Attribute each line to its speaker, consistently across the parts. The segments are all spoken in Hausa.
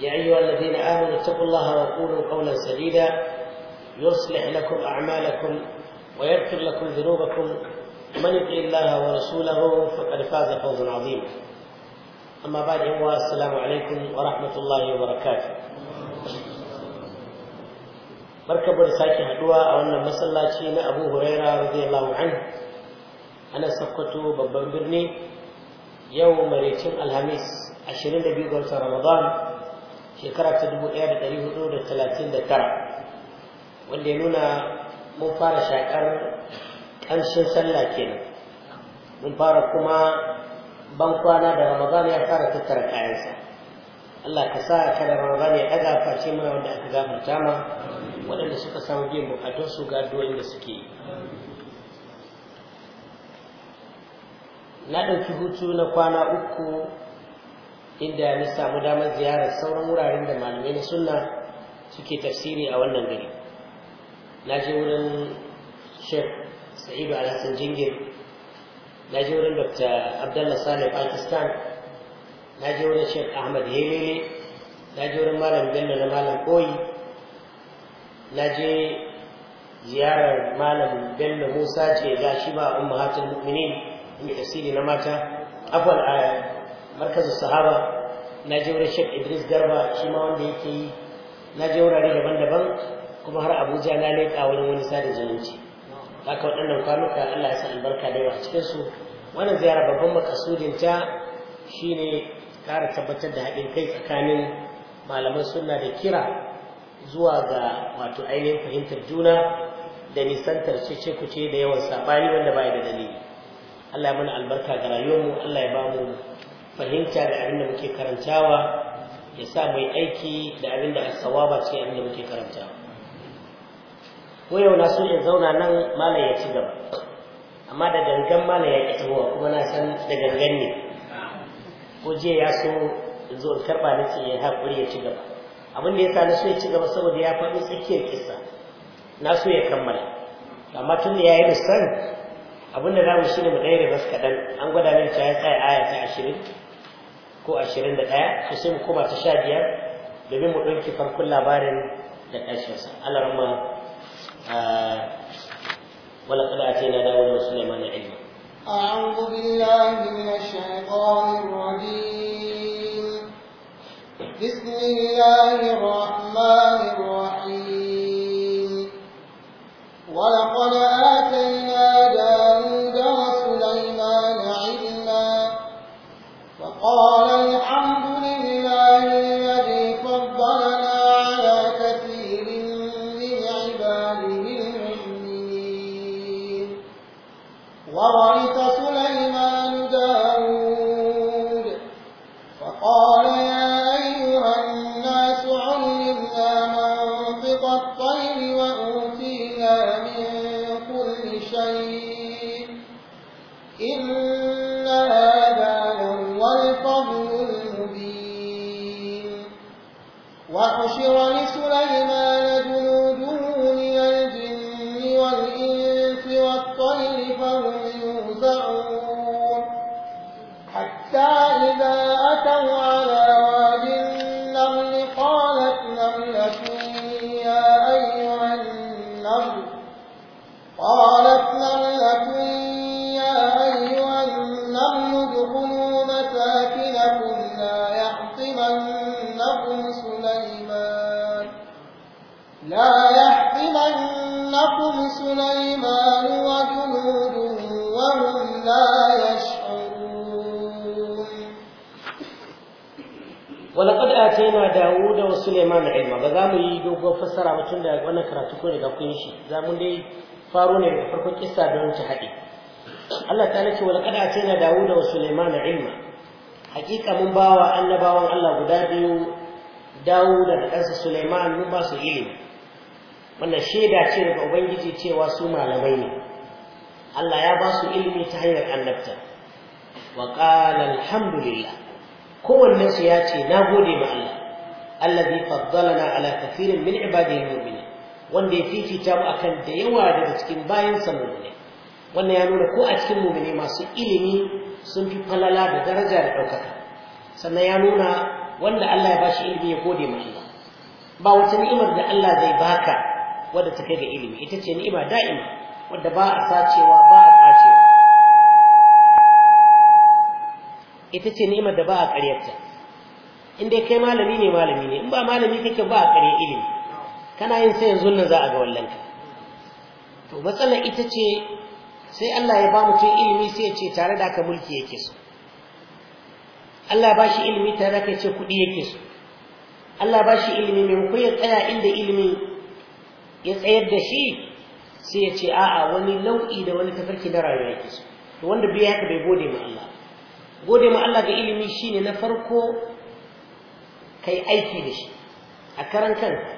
Speaker 1: يا أيها الذين آمنوا اتقوا الله وقولوا قولا سديدا يصلح لكم أعمالكم ويغفر لكم ذنوبكم ومن يطع الله ورسوله فقد فاز فوزا عظيما أما بعد هو السلام عليكم ورحمة الله وبركاته مركب da حدوى أو أن wannan أبو هريرة رضي الله عنه أنا ana sakkwato babban birni yau maraicin alhamis 22 ga watan shekara ta dubu ɗaya da da da hudu talatin tara wanda ya nuna mun fara shaƙar ƙanshin sallah kenan mun fara kuma ban kwana da ramadan ya fara tattara kayansa Allah ka sa ka da ramadan ya ɗaga face mana wanda aka gafarta ma waɗanda suka samu biyan su ga addu'o'in da suke yi na ɗauki hutu na kwana uku inda na samu damar ziyarar sauran wuraren da malamai na sunna suke tafsiri a wannan gari na je wurin shek sa'idu alhassan jingir na je wurin dr abdullah salih pakistan na je wurin shek ahmad helele na je wurin malam bello na malam koyi na je ziyarar malam bello musa ce ga shi ba ummahatul mu'minin mai tafsiri na mata afal a markazin sahaba na je wurin shek idris garba shi ma wanda yake yi na je wurare daban-daban kuma har abuja na leƙa wurin wani sada zumunci haka waɗannan kwanuka allah ya sa albarka da yawa cikin su wannan ziyara babban makasudin ta shine ƙara tabbatar da haɗin kai tsakanin malaman sunna da kira zuwa ga wato ainihin fahimtar juna da nisantar cece kuce da yawan saɓani wanda baya da dalili Allah ya mana albarka ga rayuwarmu Allah ya ba mu fahimta da abin da muke karantawa ya sa mai aiki da abin da sawaba ce abin da muke karantawa ko yau na so in zauna nan malam ya ci gaba amma da gangan malam ya ki kuma na san da gangan ne ko je ya so in zo in karɓa na ce ya haƙuri ya ci gaba abin da ya sa na so ya ci gaba saboda ya faɗi tsakiyar kisa na so ya kammala amma tun da ya yi abin da za mu shi ne mu ɗaya da kaɗan an gwada min cewa ya tsaya aya ta ashirin ko ashirin da ɗaya su sai mu koma ta sha biyar domin mu ɗauki farkon labarin da ƙarshensa Allah rama wala kada a ce na dawo da Sulaiman da ilmi
Speaker 2: أعوذ بالله من الشيطان الرجيم بسم الله الرحمن
Speaker 1: Suleiman da ilma ba za mu yi dogon fassara ba tun da wannan karatu ko daga kun shi za mu dai faro ne daga farkon kissa da ta haɗe Allah ta ce na qad dawo Dawuda Suleiman da ilma hakika mun bawa annabawan Allah guda biyu dawo da ɗansa Suleiman mun ba su ilimi wannan shaida ce daga ubangiji cewa su malamai ne Allah ya ba su ilimi ta hanyar annabta wa qala alhamdulillah kowannensu ya ce na gode ma Allah allazi faddalana ala kathirin min ibadihi mu'minin wanda ya fifita mu akan da yawa daga cikin bayan mu'mini wannan ya nuna ko a cikin mu'mini masu ilimi sun fi falala da daraja da ɗaukaka sannan ya nuna wanda Allah ya bashi ilimi ya gode ma Allah ba wata ni'imar da Allah zai baka wadda ta kai ga ilimi ita ce ni'ima da'ima wadda ba a sacewa ba a kacewa ita ce ni'imar da ba a ƙaryata. in dai kai malami ne malami ne in ba malami kake ba a kare ilimi kana yin sai yanzu nan za a ga wallanka to matsala ita ce sai Allah ya ba mutum ilimi sai ya ce tare da ka mulki yake so Allah ba shi ilimi tare da ka ce kuɗi yake so Allah ba shi ilimi maimakon ya tsaya inda ilimi ya tsayar da shi sai ya ce a'a wani nau'i da wani tafarki na rayuwa yake so wanda biya haka bai gode ma Allah gode ma Allah ga ilimi shine na farko kai aiki da shi a karan kanka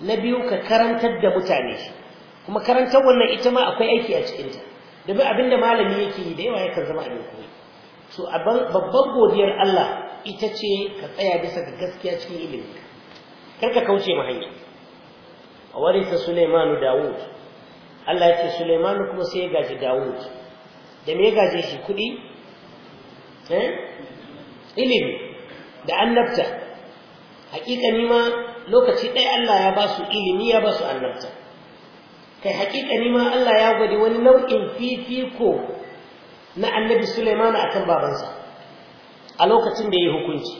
Speaker 1: na biyu ka karantar da mutane shi kuma karantar wannan ita ma akwai aiki a cikinta domin abin malami yake yi da yawa yakan zama abin koyi so babban godiyar Allah ita ce ka tsaya bisa ga gaskiya cikin ilimi kar ka kauce ma hanya a warisa Sulaimanu Dawud Allah ya ce Sulaimanu kuma sai ya gaji Dawud da me ya gaje shi kuɗi eh ilimi da annabta ni ma lokaci ɗaya Allah ya ba su ilimi ya ba su annabta kai ni ma Allah ya gwadi wani nau'in fifiko na annabi Sulaiman kan babansa a lokacin da ya hukunci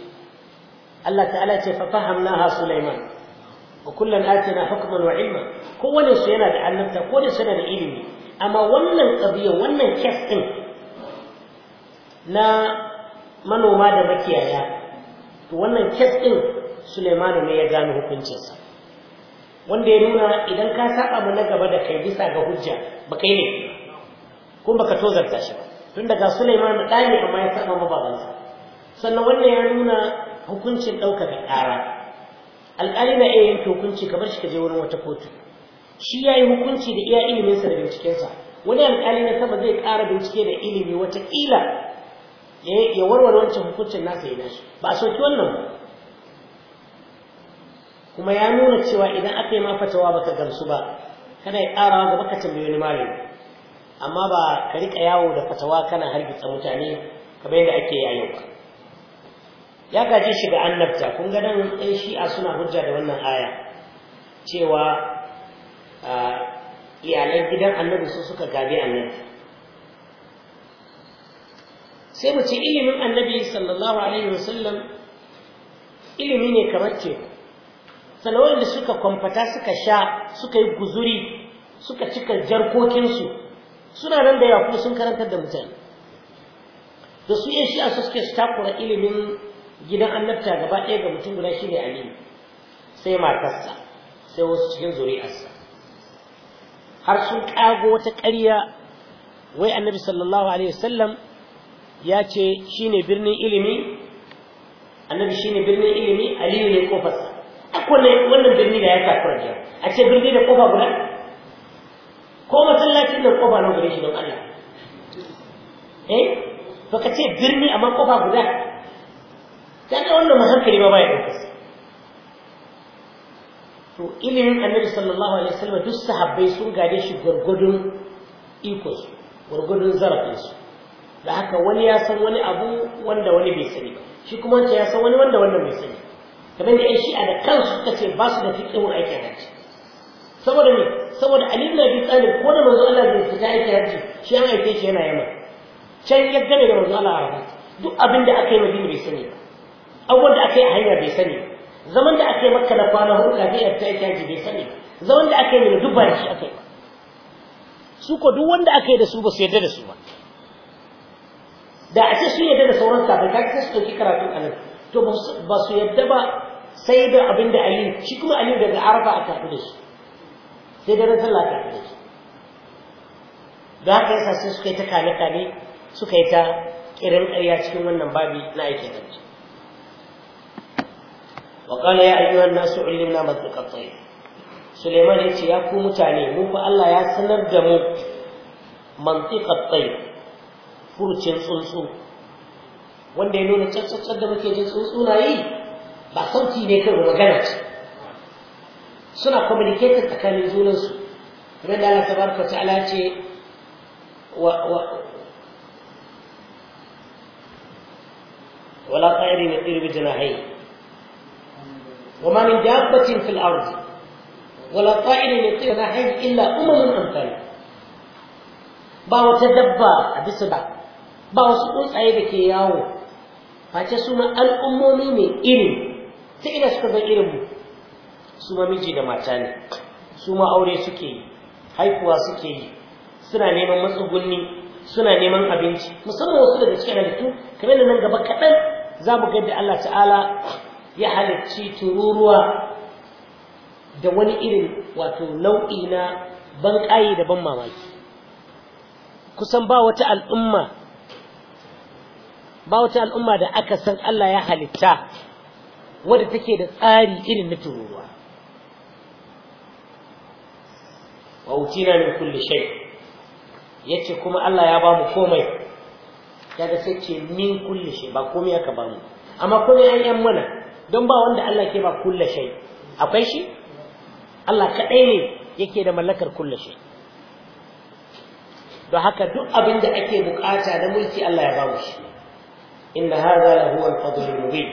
Speaker 1: Allah ta'ala ce fa fahamnaha Sulaiman wa kullan atina hukman wa ilma su yana da annabta ko da sana da ilimi amma wannan ƙabiya wannan kes ɗin na manoma da makiyaya to wannan kes ɗin Suleimanu ne ya gano hukuncinsa wanda ya nuna idan ka saba mu na gaba da kai bisa ga hujja ba kai ne ko baka tozarta shi tun daga Suleimanu da ne amma ya saba mababansa sannan wannan ya nuna hukuncin ɗaukaka ƙara alƙali na iya yin hukunci kamar shi ka je wurin wata kotu shi ya yi hukunci da iya iliminsa da bincikensa wani alƙali na sama zai ƙara bincike da ilimi wataƙila ya warware wancan hukuncin nasa ya dashi ba a soki wannan ba kuma ya nuna cewa idan aka yi ma fatawa baka gamsu ba kana yi ƙara wanda ka tambayi wani malami amma ba ka riƙa yawo da fatawa kana hargitsa mutane kamar yadda ake yi ba ya gaji shi ga annabta kun ga nan ɗan shi'a suna hujja da wannan aya cewa iyalan gidan annabi su suka gabe annabi sai mu ce ilimin annabi sallallahu alaihi wasallam ilimi ne kamar teku salawai da suka kwamfata suka sha suka yi guzuri suka cika jarkokinsu suna nan da yaku sun karantar da mutane da su shi a su suke su takura ilimin gidan annabta gaba ɗaya ga mutum guda shi ne aliyu sai matarsa sai wasu cikin zuri'arsa har sun ƙago wata ƙarya wai annabi sallallahu alaihi wasallam ya ce shine birnin ilimi annabi shine birnin ilimi aliyu ne kofarsa akwai wannan birni da ya kafura jiya a ce birni da kofa guda ko masallacin da kofa na gare shi don Allah eh ka ce birni amma kofa guda Ta kaga wannan mahankali ma baya ɗauka to ilimin annabi sallallahu alaihi wasallam duk sahabbai sun gade shi gwargwadon ikos, gwargwadon zarafinsu da haka wani ya san wani abu wanda wani bai sani ba shi kuma wancan ya san wani wanda wannan bai sani kamar da shi shi'a da kansu suka ce ba su da fiƙihun aikin hajji saboda ne, saboda ali ibn abi tsanin ko da manzo Allah zai fita aikin hajji shi an aike shi yana yamma can ya gane da manzo Allah a duk abin da aka yi madina bai sani ba abubuwan da aka yi a hanya bai sani ba zaman da aka yi makka na kwana hudu kafin ya fita aikin hajji bai sani ba zaman da aka yi ne duk ba shi aka yi ba su ko duk wanda aka yi da su ba su yarda da su ba da a ce su yarda da sauran sabai ka ce su ɗauki karatun anan to ba su yadda ba sai da abin da aliyu shi kuma aliyu daga arafa a tafi da shi sai da sallah a tafi da shi da haka yasa sai suka yi ta kane-kane suka yi ta kiran karya cikin wannan babi na aikin hajji وقال يا أيها الناس Suleiman ya ce ya يتي mutane, كو متاني Allah ya sanar da mu منطق الطير فرچن tsuntsu wanda ya nuna cancancan da muke jin tsuntsunaye ba sauti ne kai magana ce suna communicate tsakanin junansu kamar da Allah tabaraka ta'ala ce wa wa ولا طائر يطير بجناحيه وما من دابة في الأرض ولا طائر يطير بجناحيه إلا أمم أمثالكم ba wata dabba a bisa ba ba wasu tsuntsaye da yawo face su ma al'ummomi ne irin ta ina suka zan irin mu su ma miji da mata ne su ma aure suke yi haifuwa suke yi suna neman matsugunni suna neman abinci musamman wasu daga cikin halittu kamar da nan gaba kaɗan za mu ga yadda Allah ta'ala ya halicci tururuwa da wani irin wato nau'i na ban ƙayi da ban mamaki kusan ba wata al'umma ba wata al'umma da aka san Allah ya halitta wadda take da tsari irin na tururuwa wa utina min kulli shay yace kuma Allah ya bamu komai kaga sai ce min kulli shay ba komai aka bamu amma kuma ya yan mana don ba wanda Allah ke ba kulli shay akwai shi Allah kadai ne yake da mallakar kulli shay don haka duk abin da ake bukata na mulki Allah ya bamu shi inda hada lahu alfadlul mubin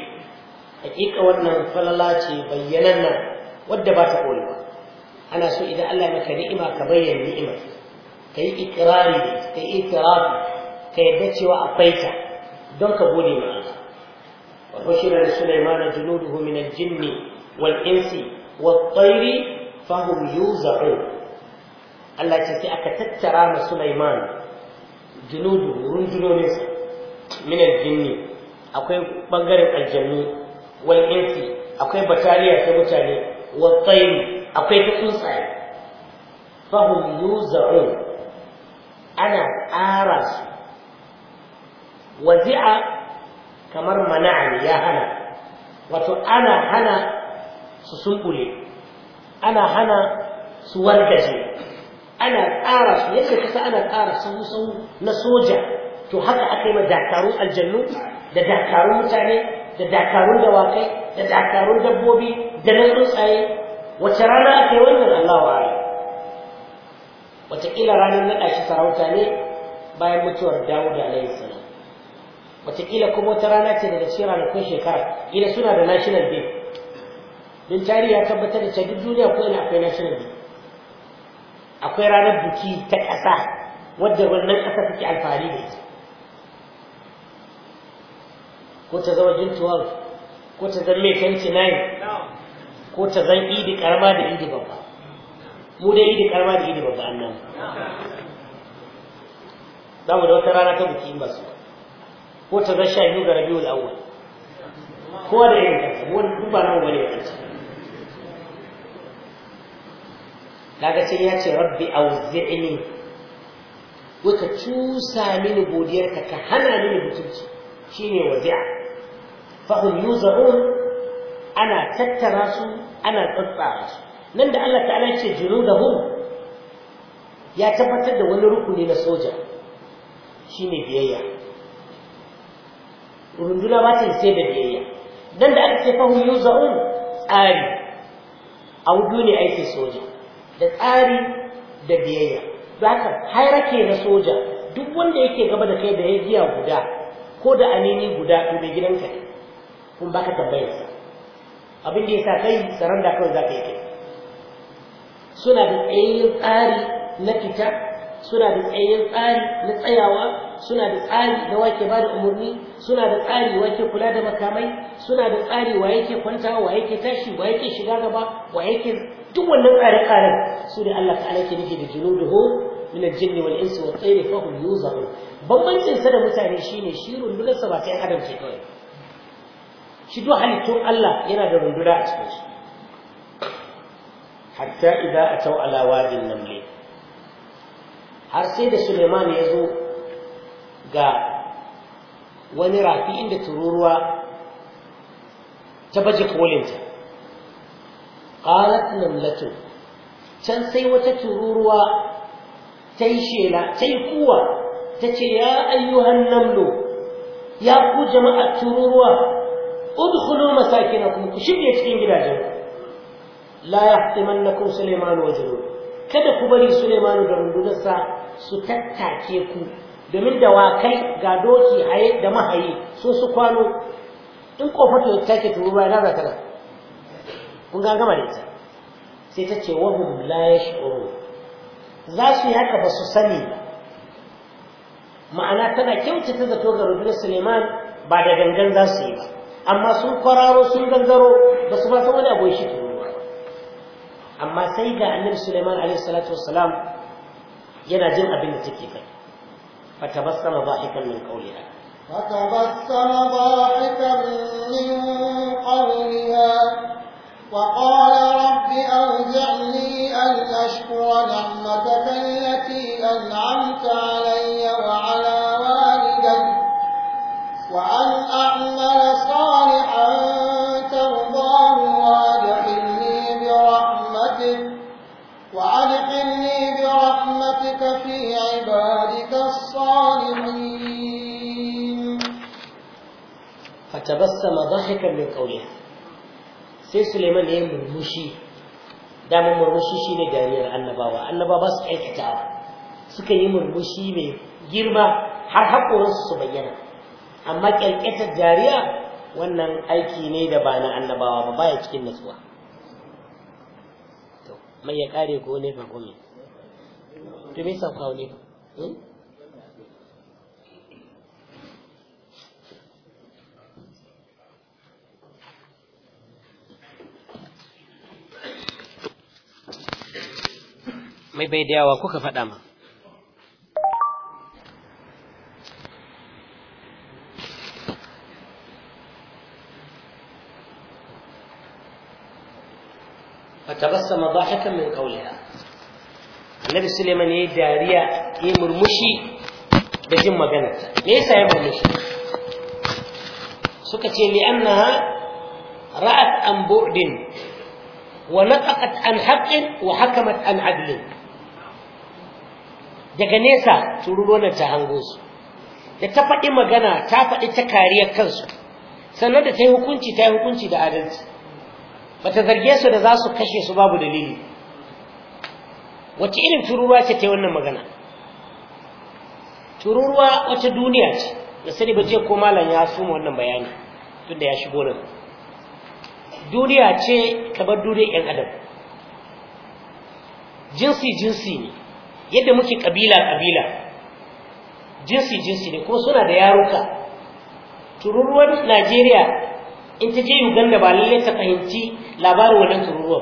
Speaker 1: hakika wannan falala ce bayyanan nan wadda ba ta koyi ba ana so idan Allah maka ni'ima ka bayyana ni'imar kai ikrari kai itirafi kai da cewa akwai ta don ka gode mana wa bashira li sulaiman junuduhu min al-jinn wal insi wat tayri fahum yuzaqu Allah ya ce aka tattara ma sulaiman junudu runjunonsa min al-jinni akwai bangaren aljanni wal insi akwai bataliya ta mutane wa tayri akwai ta tsuntsaye fa hum yuzaun ana ƙara su wazi'a kamar mana'a ya hana wato ana hana su sumbule ana hana su wargaje ana ƙara su yadda kasa ana ƙara sau-sau na soja to haka aka yi ma dakarun aljannu da dakarun mutane da dakarun dawakai da dakarun dabbobi da nan tsuntsaye wace rana aka yi wannan Allah wa wataƙila ranar naɗa shi sarauta ne bayan mutuwar Dawud alayhi salam wataƙila kuma wata rana ce daga cikin ranakun shekara ina suna da national day don tarihi ya tabbatar da cewa duk duniya ko ina akwai national day akwai ranar buki ta ƙasa wadda wannan ƙasa take alfahari da ita ko ta zama jin 12 ko ta zama mai 29 ko ta zan idi karama da idi babba mu dai idi karama da idi babba annan za mu da wata rana ta buki ba su ko ta zan sha biyu ga rabiul awwal ko da yin kansa mu duk ba namu bane kansa daga sai ya ce rabbi auzi'ni wai ka cusa mini godiyarka ka hana mini mutunci shine wazi'a fahim yuza'un ana tattara su ana tsatsara su nan da Allah ta'ala ce junudahum ya tabbatar da wani rukuni na soja shine biyayya runduna ba ta sai da biyayya dan da aka ce fahim yuza'un tsari A wudu ne aiki soja da tsari da biyayya zaka hairake na soja duk wanda yake gaba da kai da ya guda ko da anini guda ko mai gidanka ne kun baka tambayar sa abin da yasa kai saranda kawai za ka yi kai suna da tsayayyen tsari na fita suna da tsayayyen tsari na tsayawa suna da tsari na wake ba da umarni suna da tsari wa yake kula da makamai suna da tsari wa yake kwanta wa yake tashi wa yake shiga gaba wa yake duk wannan tsare-tsaren su ne Allah ta'ala ke nake da junuduhu min al-jinni wal insi wat tayri fa hum yuzaru bambancin sa da mutane shine shi rundunar sa ba sai adam ke kawai shi duk halittun Allah yana da rundura a cikin su hatta idza a ala wadin namli har sai da Suleiman ya zo ga wani rafi inda tururuwa ta baje kolinta qalat namlatu can sai wata tururuwa ta yi shela ta yi kuwa ta ce ya ayyuhan namlu ya ku jama'ar tururuwa udkhulu masakinakum ku shige cikin gidajen la yahtimannakum sulaiman wa jurud kada ku bari sulaiman da rundunarsa su tattake ku domin da wakai ga doki haye da mahayi su su kwano in kofar ta take turuwa na zata kun ga gama da ita sai ta ce wahum la yash'uru za su yi haka ba su sani ma'ana tana kyautata zato ga rundunar suleiman ba da gangan za su yi ba amma sun kwararo sun gangaro ba su san wani abu shi ba amma sai ga annabi Suleiman alaihi salatu wassalam yana jin abin da take kai fatabassama dhahikan min qawliha
Speaker 2: فتبسم ضاحكا من قولها وقال رب أوزعني أن أشكر نعمتك التي أنعمت علي وعلى والدي وأن أعلم عمل صالحا ترضاه وادحني برحمتك وادحني برحمتك في عبادك الصالحين
Speaker 1: فتبسم ضحكا من قولها سي سليمان هي مرمشي دام مرمشي شي ني جامير النبابا النبابا سكيتا سكيني مرمشي مي girma har hakurin su bayyana amma kyalkyasar jariya wannan aiki ne da ba na annabawa ba baya cikin nasuwa to mai ya kare ko ne ba kome to me sa kawo ne hmm? mai bai da yawa kuka faɗa ma فتبسم ضاحكا من قولها النبي سليمان يي داريا يي مرمشي da jin maganarta me yasa ya murmushi suka ce li annaha ra'at an bu'din wa naqat an haqqin wa hakamat an adlin daga nesa tururo ta hango su da ta faɗi magana ta faɗi ta kariyar kansu sannan da ta yi hukunci ta yi hukunci da adalci bata zarge su da za su kashe su babu dalili wace irin tururuwa ce ta wannan magana tururuwa wata duniya ce da sani bace ko malam ya suma wannan bayani tunda ya shigo nan duniya ce kamar duniyar yan adam jinsi jinsi ne yadda muke kabila kabila jinsi jinsi ne kuma suna da yaruka Tururuwar najeriya in ta je uganda ba lallai ta fahimci labarin wannan tururuwa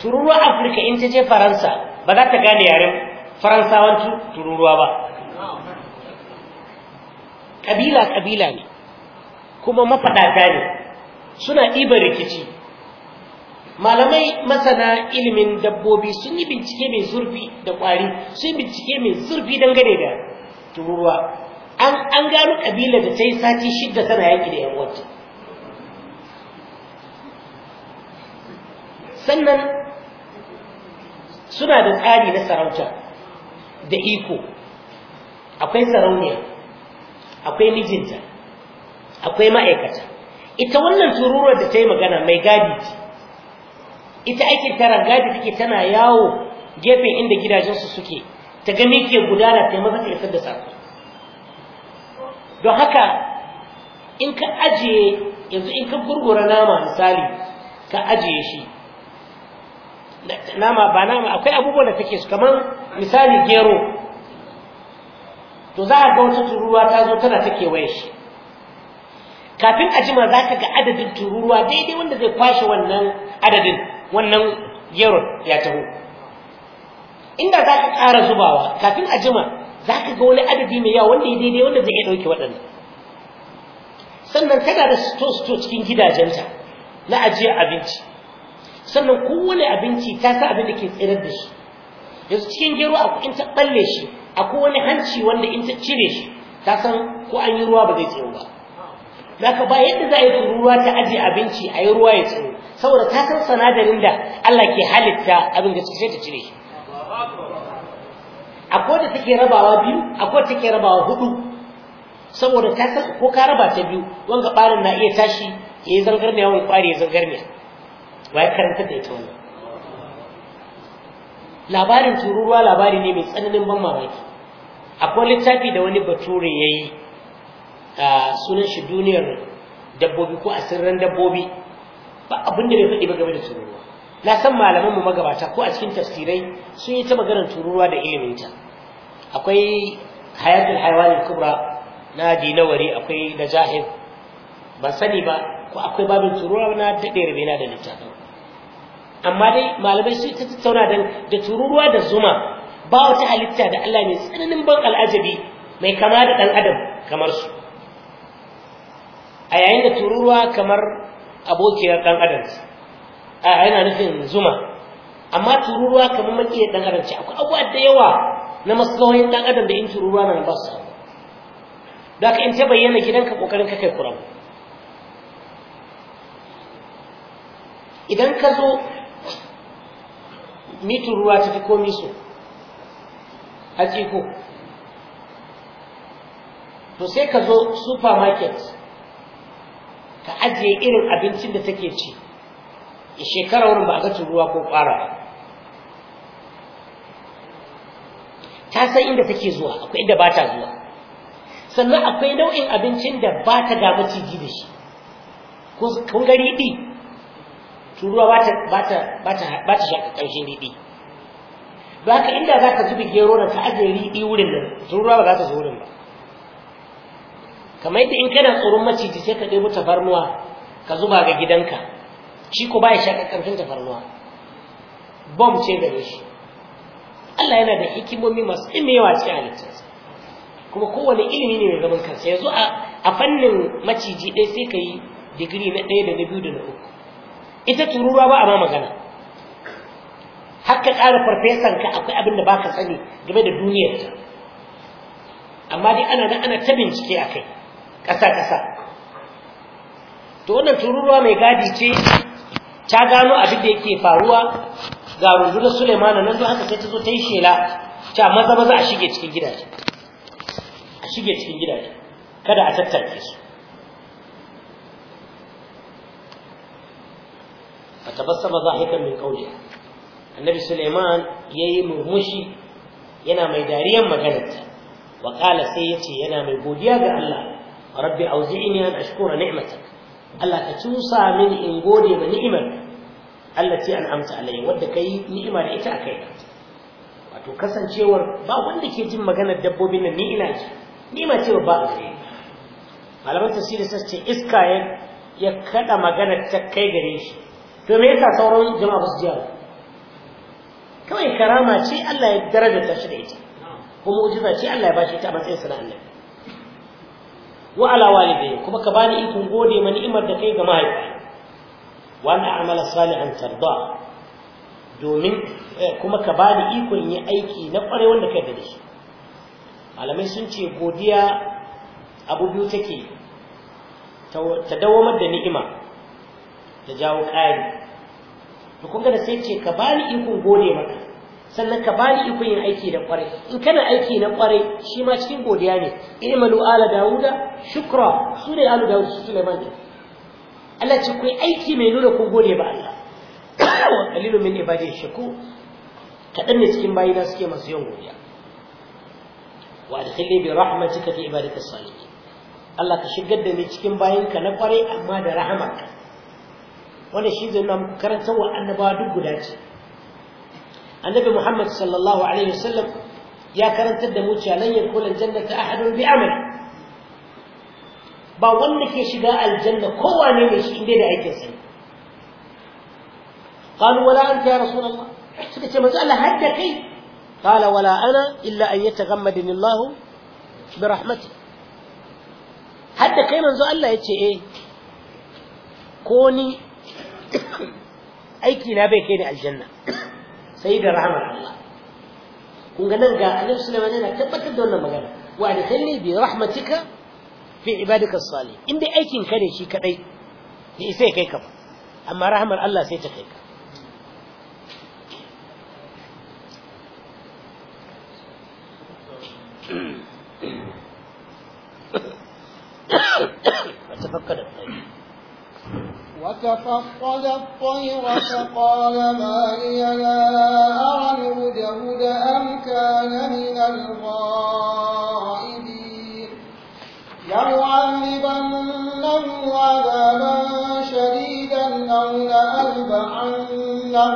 Speaker 1: tururuwa afirka in ta je faransa ba za ta gane yaren faransawan tururuwa ba Ƙabila ƙabila ne kuma mafaɗata ne suna ɗiban rikici malamai masana ilimin dabbobi sun yi bincike mai zurfi da ƙwari sun yi bincike mai zurfi dangane da tururuwa an an gano kabilar da ta yi sati shidda tana yaki da yan sannan suna da tsari na sarauta da iko akwai sarauniya akwai mijinta akwai ma'aikata ita wannan tururuwar da ta yi magana mai gadi ce ita aikin taron gadi take tana yawo gefen inda gidajensu suke ta gani ke gudana ta yi maza ta isar da sako don haka in ka ajiye yanzu in ka gurgura nama misali ka ajiye shi nama ba nama akwai abubuwan da take su kamar misali gero to za a ga wata tururuwa ta zo tana ta kewaye shi kafin a jima za ka ga adadin tururuwa daidai wanda zai kwashe wannan adadin wannan gero ya taho inda za ka ƙara zubawa kafin a jima za ka ga wani adadi mai yawa wanda ya daidai wanda zai iya ɗauke waɗanda sannan tana da sito cikin gidajenta na ajiyar abinci sannan kowane abinci ta sa abin da ke tsirar da shi yanzu cikin gero a in ta ɓalle shi a wani hanci wanda in ta cire shi ta san ko an yi ruwa ba zai tsiro ba naka ba yadda za a yi ruwa ta ajiye abinci a yi ruwa ya tsiro saboda ta san sanadarin da Allah ke halitta abin da ta cire shi akwai da take rabawa biyu akwai da take rabawa hudu saboda ta san ko ka raba ta biyu wanga barin na iya tashi ya yi ne wani kwari ya ne ba ya karanta da ita wannan labarin tururuwa labari ne mai tsananin ban mamaki akwai littafi da wani bature ya yi sunan shi duniyar dabbobi ko asirran dabbobi ba abin da bai faɗi ba game da tururuwa na san malaman mu magabata ko a cikin tafsirai sun yi ta maganar tururuwa da iliminta akwai hayatul hayawan kubra na dinawari akwai da jahil ban sani ba ko akwai babin tururuwa na daɗe rabena da littafin amma dai malamai sun ta tattauna da tururuwa da zuma ba wata halitta da Allah mai tsananin ban al'ajabi mai kama da ɗan adam kamar su a yayin da tururuwa kamar abokiyar ɗan adam a yana nufin zuma amma tururuwa kamar makiyar dan adam ce akwai abubuwa da yawa na maslahohin dan adam da in tururuwa na ba su da ka in ta bayyana gidanka kokarin ka kai kuram idan ka zo mi tururuwa ta fi komi so a ko to sai ka zo supermarket ka ajiye irin abincin da take ci shekara wurin ba a ga turuwa ko ƙwara ba ta san inda take zuwa akwai inda ba ta zuwa sannan akwai nau'in abincin da ba ta ga maciji da shi kan gari riɗi turuwa ba ta shaƙa ƙarshen riɗi ba ka inda za ka zubi gero da ta ajiye riɗi wurin da turuwa ba za ta zo wurin ba kamar yadda in kana tsoron maciji sai ka ɗebo tafarnuwa ka zuba ga gidanka shi ko ya shakar kamshin tafarnuwa bom ce gare shi Allah yana da hikimomi masu imewa a halittarsa kuma kowane ilimi ne mai zaman kansa yanzu a fannin maciji ɗaya sai ka yi digiri na ɗaya da na biyu da na uku ita tururuwa ba a ma magana haka ƙara farfesan ka akwai abin da baka sani game da duniyar ta amma dai ana nan ana ta bincike a kai ƙasa ƙasa to wannan tururuwa mai gadi ce ta gano abin da yake faruwa ga rundunar Suleimana nan don haka sai ta zo ta yi shela ta maza maza a shige cikin gidaje a shige cikin gidaje kada a tattake su فتبسم ضاحكا من Annabi Suleiman ya yi مرمشي yana mai dariyan maganarta Wakala sai sai yace yana mai godiya ga Allah rabbi auzi'ni an ashkura ni'matak Allah ka cusa mini in gode ma ni'imar Allah ce an amsa alayhi wadda kai ni'ima da ita akai wato kasancewar ba wanda ke jin maganar dabbobin nan ni ina ji ni'ima ce ba a gare malaman tafsiri sai ce iska ya ya kada magana ta kai gare shi to me yasa sauran jama'a su jiya kawai karama ce Allah ya daraja ta shi da ita kuma mu'jiza ce Allah ya bashi ta a matsayin sana'an wa ala walidai kuma ka bani ikon gode ma ni'imar da kai ga mahaifi wa ana amala salihan tarda domin eh, kuma ka bani ikon yi aiki na kware wanda kai da shi malamai sun ce godiya abu biyu take ta dawamar da ni'ima ta jawo ƙari to kun sai ce ka bani ikon gode maka sannan ka bani iko yin aiki da kwarai in kana aiki na kwarai shi ma cikin godiya ne imalu ala dauda shukra su ne alu dauda su manta Allah ce kai aiki mai nuna ku gode ba Allah wa qalilun min ibadi shaku kadan ne cikin da suke masu yin godiya wa adkhilni bi rahmatika fi ibadika salihin Allah ka shigar da ni cikin bayinka na kwarai amma da rahamarka wanda shi zai nuna muku karantar wa annabawa duk guda ce annabi muhammad sallallahu alaihi wasallam ya karantar da mu cewa lan yakul jannata ahadun bi amal ba wanda ke shiga aljanna kowa ne mai shi inda da aikin sa qalu wala anta ya rasulullah suka ce manzo Allah hadda kai qala wala ana illa an yataghammadani Allah bi rahmatihi hadda kai manzo Allah yace eh ko ni aiki na bai kai ni aljanna سيد رحمة الله كنا نفسنا مننا كبك الدولة مغانا وأدخلني برحمتك في عبادك الصالح إن أي كن كان يشيك أي يسيك أي كفا أما رحمة الله سيتك أي كفا أتفكر الطيب
Speaker 2: وتفقد الطير فقال ما لي لا أرى الهدهد أم كان من الغائبين ليعذبنه عذابا شديدا أو لأذبحنه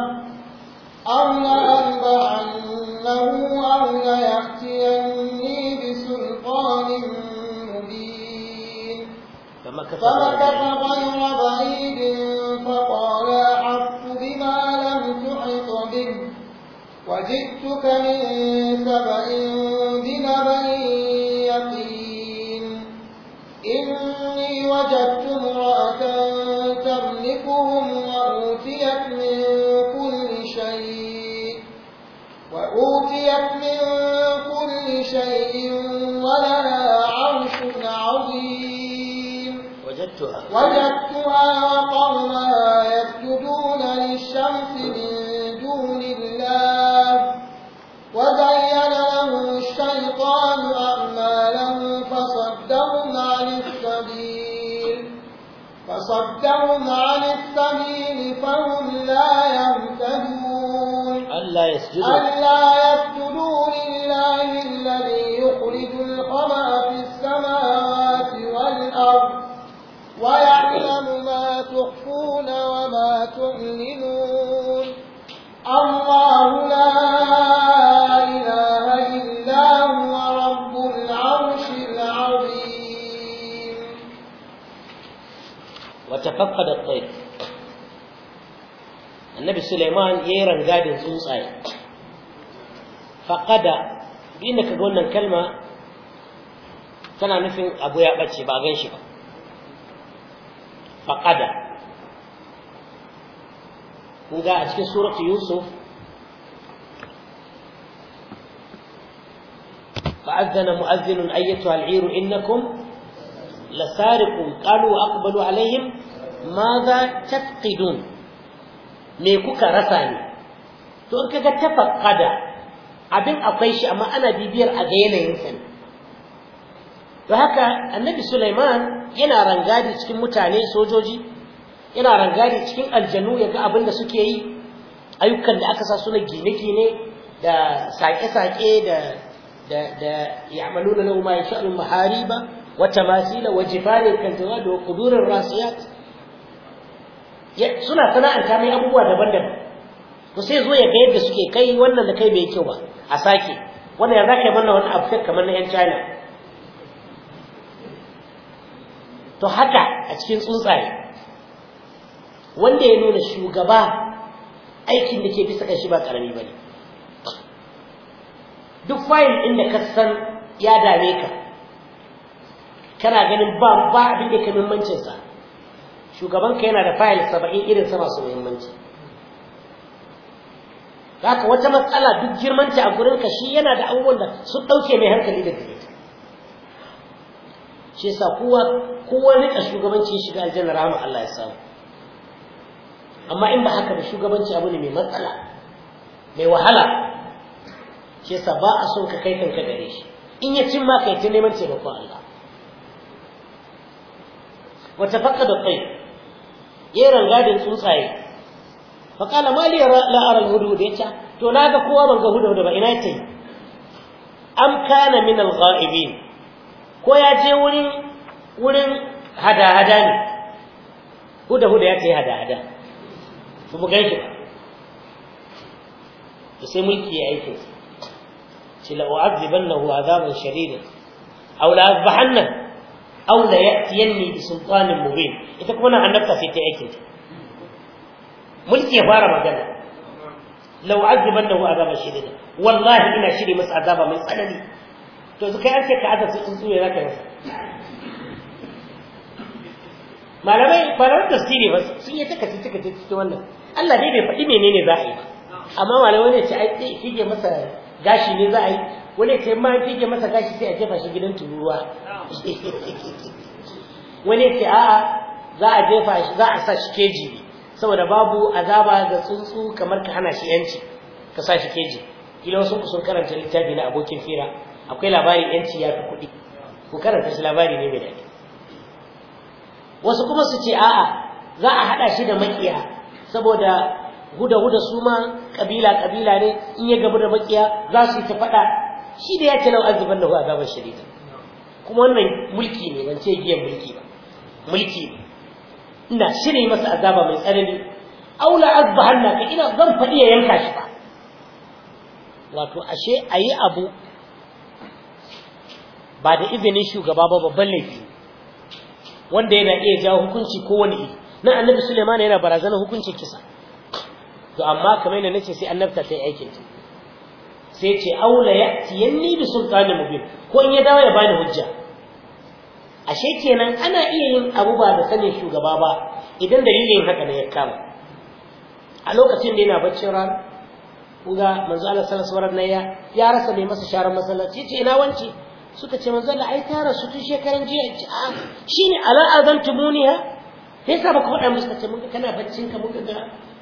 Speaker 2: أو لأذبحنه أو ليأتين
Speaker 1: فمكث غير
Speaker 2: بعيد فقال أحط بما لم تحط به وجئتك من سبأ
Speaker 1: وجدتها
Speaker 2: وقومها يسجدون للشمس من دون الله وزين له الشيطان أعمالهم فصدهم عن السبيل فصدهم عن السبيل فهم لا يهتدون ألا يسجدون
Speaker 1: fatafaqqa da annabi suleiman ya yi rangadin tsuntsaye faƙada inda ka wannan kalma tana nufin abu ya ɓace ba gan shi ba faƙada kun a cikin yusuf فأذن مؤذن أيتها العير إنكم لسارقون قالوا وأقبلوا عليهم maza tafqidun me kuka rasa ne to in kaga tafaqqada abin akwai shi amma ana bibiyar a ga yanayin sa Da haka annabi Suleiman yana rangadi cikin mutane sojoji yana rangadi cikin aljanu yaga abin da suke yi ayyukan da aka sa suna gine-gine da saƙe-saƙe da da da ya'maluna lahu ma yasha'u mahariba wa tamasila wa jifanin kantawa da qudurar rasiyat suna sana'anta mai abubuwa daban-daban to sai zo ya ga yadda suke kai wannan da kai bai kyau ba a sake wannan ya zaka yi mana wani abu kamar na yan China to haka a cikin tsuntsaye wanda ya nuna shugaba aikin da ke bisa kashi ba karami ba ne duk fayil inda da ka san ya dame ka kana ganin ba ba abin da ka mimmancinsa shugabanka yana da fayil saba'in irin sa masu muhimmanci haka wata matsala duk girmanci a gurinka shi yana da abubuwan da su ɗauke mai hankali da gare ta shi yasa kowa kowa rika shugabanci shiga aljanna rahama Allah ya samu amma in ba haka da shugabanci abu ne mai matsala mai wahala shi yasa ba a son ka kai kanka gare shi in ya cin ma kai ta neman taimakon Allah wata fakka da kai ya gadin tsuntsaye fa qala mali la ara al ya yace to na ga kowa ban ga hudud ba ina yace am kana min al-ghaibin ko ya je wurin wurin hada-hada ne Huda-huda ya ce hada-hada ba mu ganshi ba to sai mulki ya aike shi la u'azibannahu azaban shadidan aw la azbahanna aw la ya'tiyanni bi sultanin mubin ita kuma nan annabta sai ta yake mulki ya fara magana law azibannahu azaba shadida wallahi ina shiri masa azaba mai tsanani to zuka an ce ka azaba tsuntsu ne zaka rasa
Speaker 2: malamai malamai tafsiri
Speaker 1: ba sun yi taka taka cikin wannan Allah dai bai faɗi menene za a yi amma malamai ne ce ai shige masa gashi ne za a yi wani ce ma fige masa gashi sai a jefa shi gidan tururuwa wani ce a'a za a jefa shi za a sa shi keji saboda babu azaba ga tsuntsu kamar ka hana shi yanci ka sa shi keji kila wasu ku sun karanta littafi na abokin fira akwai labarin yanci ya fi kuɗi ku karanta shi labari ne mai daɗi wasu kuma su ce a'a za a haɗa shi da maƙiya saboda huda huda su ma ƙabila ƙabila ne in ya gabu da maƙiya za su yi ta faɗa shi da ya ce azubar da huwa azaban shadida kuma wannan mulki ne wance giyan mulki ba mulki ne ina shirye masa azaba mai tsanani aula hannu ka ina zan faɗi ya yanka shi ba wato ashe a yi abu ba da izinin shugaba ba babban laifi wanda yana iya jawo hukunci ko wani iri nan annabi Suleiman yana barazanar hukuncin kisa to amma kamar yadda nace sai annabta ta yi aikin ta sai ce aula ya'tiyanni bi sultanin mubin ko in ya dawo ya bani hujja ashe kenan ana iya yin abu ba da sanin shugaba ba idan dalilin haka ne ya kama a lokacin da yana baccin rana kuga manzo Allah sallallahu alaihi wasallam ya rasa mai masa sharar masallaci ce ina wanci suka ce manzo Allah ai ta rasu tun shekaran jiya ce a shine ala azantumuniha sai sa baka faɗa musu kace muka kana baccin ka muka ga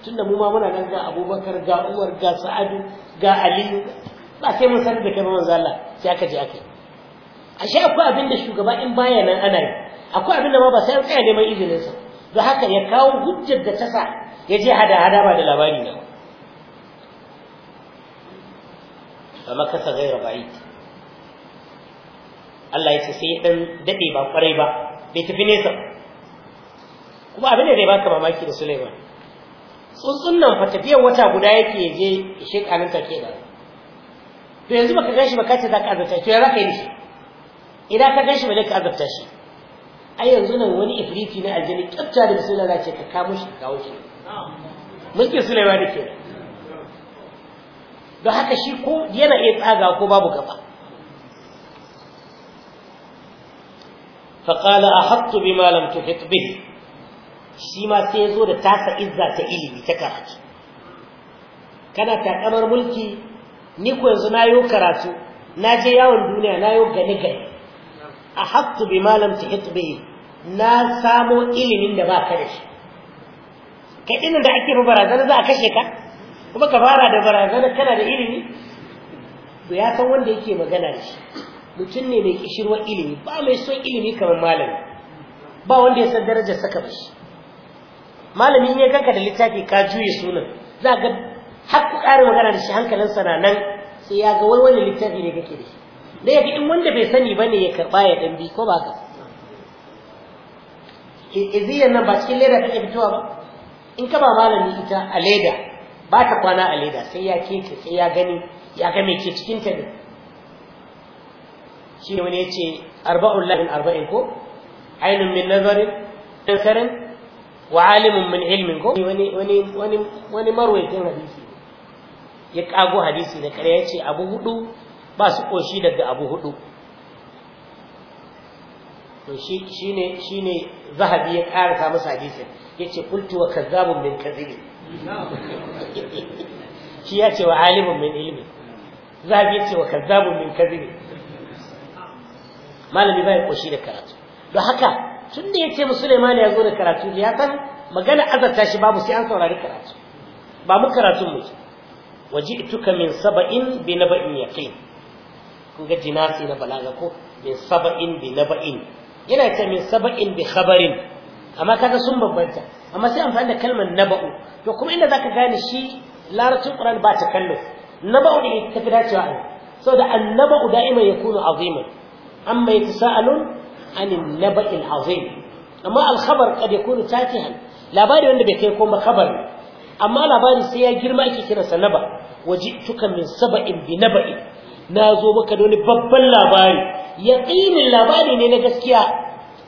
Speaker 1: tunda mu ma muna nan ga Abubakar ga Umar ga Sa'adu ga Aliyu ba sai mun sanar da kai manzo Allah sai aka je aka yi ashe akwai abin da shugaba in baya nan ana yi akwai abin da ma ba sai an tsaya neman izinin sa don haka ya kawo hujjar da ta sa ya je hada hada ba da labari na ba makasa gaira yi. Allah ya ce sai dan dade ba kwarai ba bai tafi nesa kuma abin da zai baka mamaki da Sulaiman tsuntsun nan fa tafiyar wata guda yake je shi kanin take da to yanzu baka gashi ba kace zaka azabta to ya zaka yi shi idan ka gashi ba zaka azabta shi ai yanzu nan wani ifriti na aljini kyafta da bismillah na ce ka kamo shi kawo shi mulkin sulaiwa ne ke don haka shi ko yana iya tsaga ko babu gaba فقال أحط بما لم تحط به ya zo da tasa izza ta ilimi ta karatu kana takamar mulki ni ku yanzu na yi karatu na je yawon duniya na yi gani gani a haktu bi malam ta bihi na samo ilimin da ba ka da shi Ka ina da ake barazana za a kashe ka kuma ka fara da barazana kana da ilimi to ya san wanda yake magana da shi mutum ne mai kishirwa ilimi ba mai son ilimi kamar malami ba wanda ya san darajar saka shi malami ne kanka da littafi ka juye sunan za ga har ku ƙare magana da shi hankalinsa na nan sai ya ga wai wani littafi ne kake da shi dai ya in wanda bai sani ba ne ya karɓa ya ɗan bi ko ba ka iziyar e, nan ba cikin leda take fitowa ba in ka ba malami ita a leda ba ta kwana a leda sai ya keke sai ya gani ya ga mai ke cikin ta ne shi ne wani ya ce arba'un lahin arba'in ko ainihin min nazarin ɗansarin wa alimun min ilmin ko wani wani marwaitin hadisi ya kago hadisi da kare ya ce abu hudu ba su koshi daga abu hudu to shi shine shine zahabi ya karasa masa hadisin yace qultu wa kazzabun min kadhibi shi ya ce wa alimun min ilmi zahabi ya ce wa kazzabun min kadhibi malami bai koshi da karatu don haka tun da ya ce musulman ya zo da karatu ya san magana azarta shi babu sai an saurari karatu ba mu karatun mu waji'tuka min saba'in bi naba'in yaqin kun ga jinasi na balaga ko min saba'in bi naba'in yana ce min saba'in bi khabarin amma kaga sun bambanta amma sai amfani da kalmar naba'u to kuma inda zaka gane shi larabcin Qur'an ba ta kallo naba'u ne ta fi dacewa ne saboda annaba'u da'iman yakunu aziman amma yatasaalun anin naba'il azim amma al-khabar kad yakunu tatihan labari wanda bai kai ko khabar amma labari sai ya girma ake kiransa naba' وجئتك من سبأ بنبأ نازو maka da wani babban labari yaqinin labari ne na gaskiya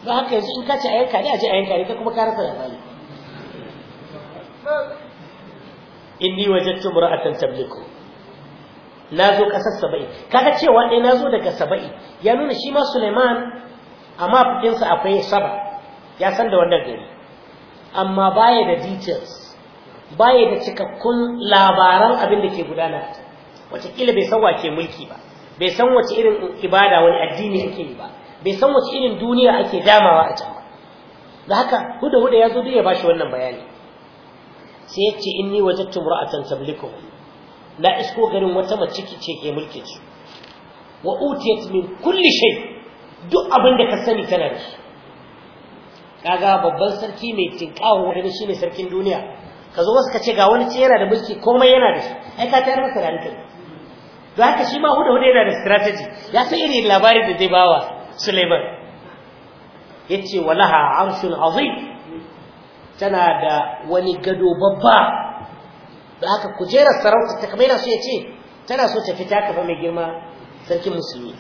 Speaker 1: ba haka yanzu in ka a yanka ne a je a yanka ne kai kuma ka rasa labari inni wajadtu imra'atan tabliku nazo kasar saba'i kaga cewa dai nazo daga saba'i ya nuna shi ma Sulaiman amma fikin sa akwai saba ya san da wannan gari amma baya da details baya da cikakkun labaran abin da ke gudana wataƙila bai san wace mulki ba bai san wace irin ibada wani addini ake yi ba bai san wace irin duniya ake damawa a can ba da haka huda huda ya zo duk ya bashi wannan bayani sai ya ce inni a imra'atan tabliku na isko garin wata mace ce ke mulki ce wa utiyat min kulli shay duk abin da ka sani tana da shi kaga babban sarki mai tinkawo wanda shine sarkin duniya ka zo wasu ka ce ga wani ce yana da mulki komai yana da shi ai ka tayar masa da hankali don haka shi ma huda huda yana da strategy ya san irin labarin da zai bawa Suleiman ce walaha arshun azim tana da wani gado babba don haka kujerar sarauta ta kamar yana so ya ce tana so ta fita kafa mai girma sarkin musulmi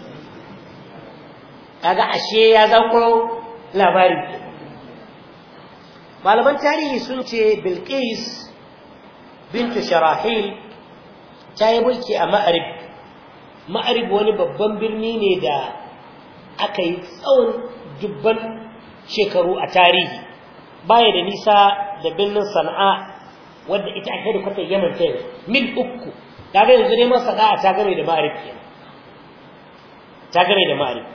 Speaker 1: kaga ashe ya zakuro labari malaman tarihi sun ce bilqis bintu sharahil ta yi mulki a ma'arib ma'arib wani babban birni ne da aka yi tsawon dubban shekaru a tarihi baya da nisa da birnin sana'a wadda ita ake da kwatar yaman ta mil uku ta ga yanzu neman sana'a ta game da ma'arib ta game da ma'arib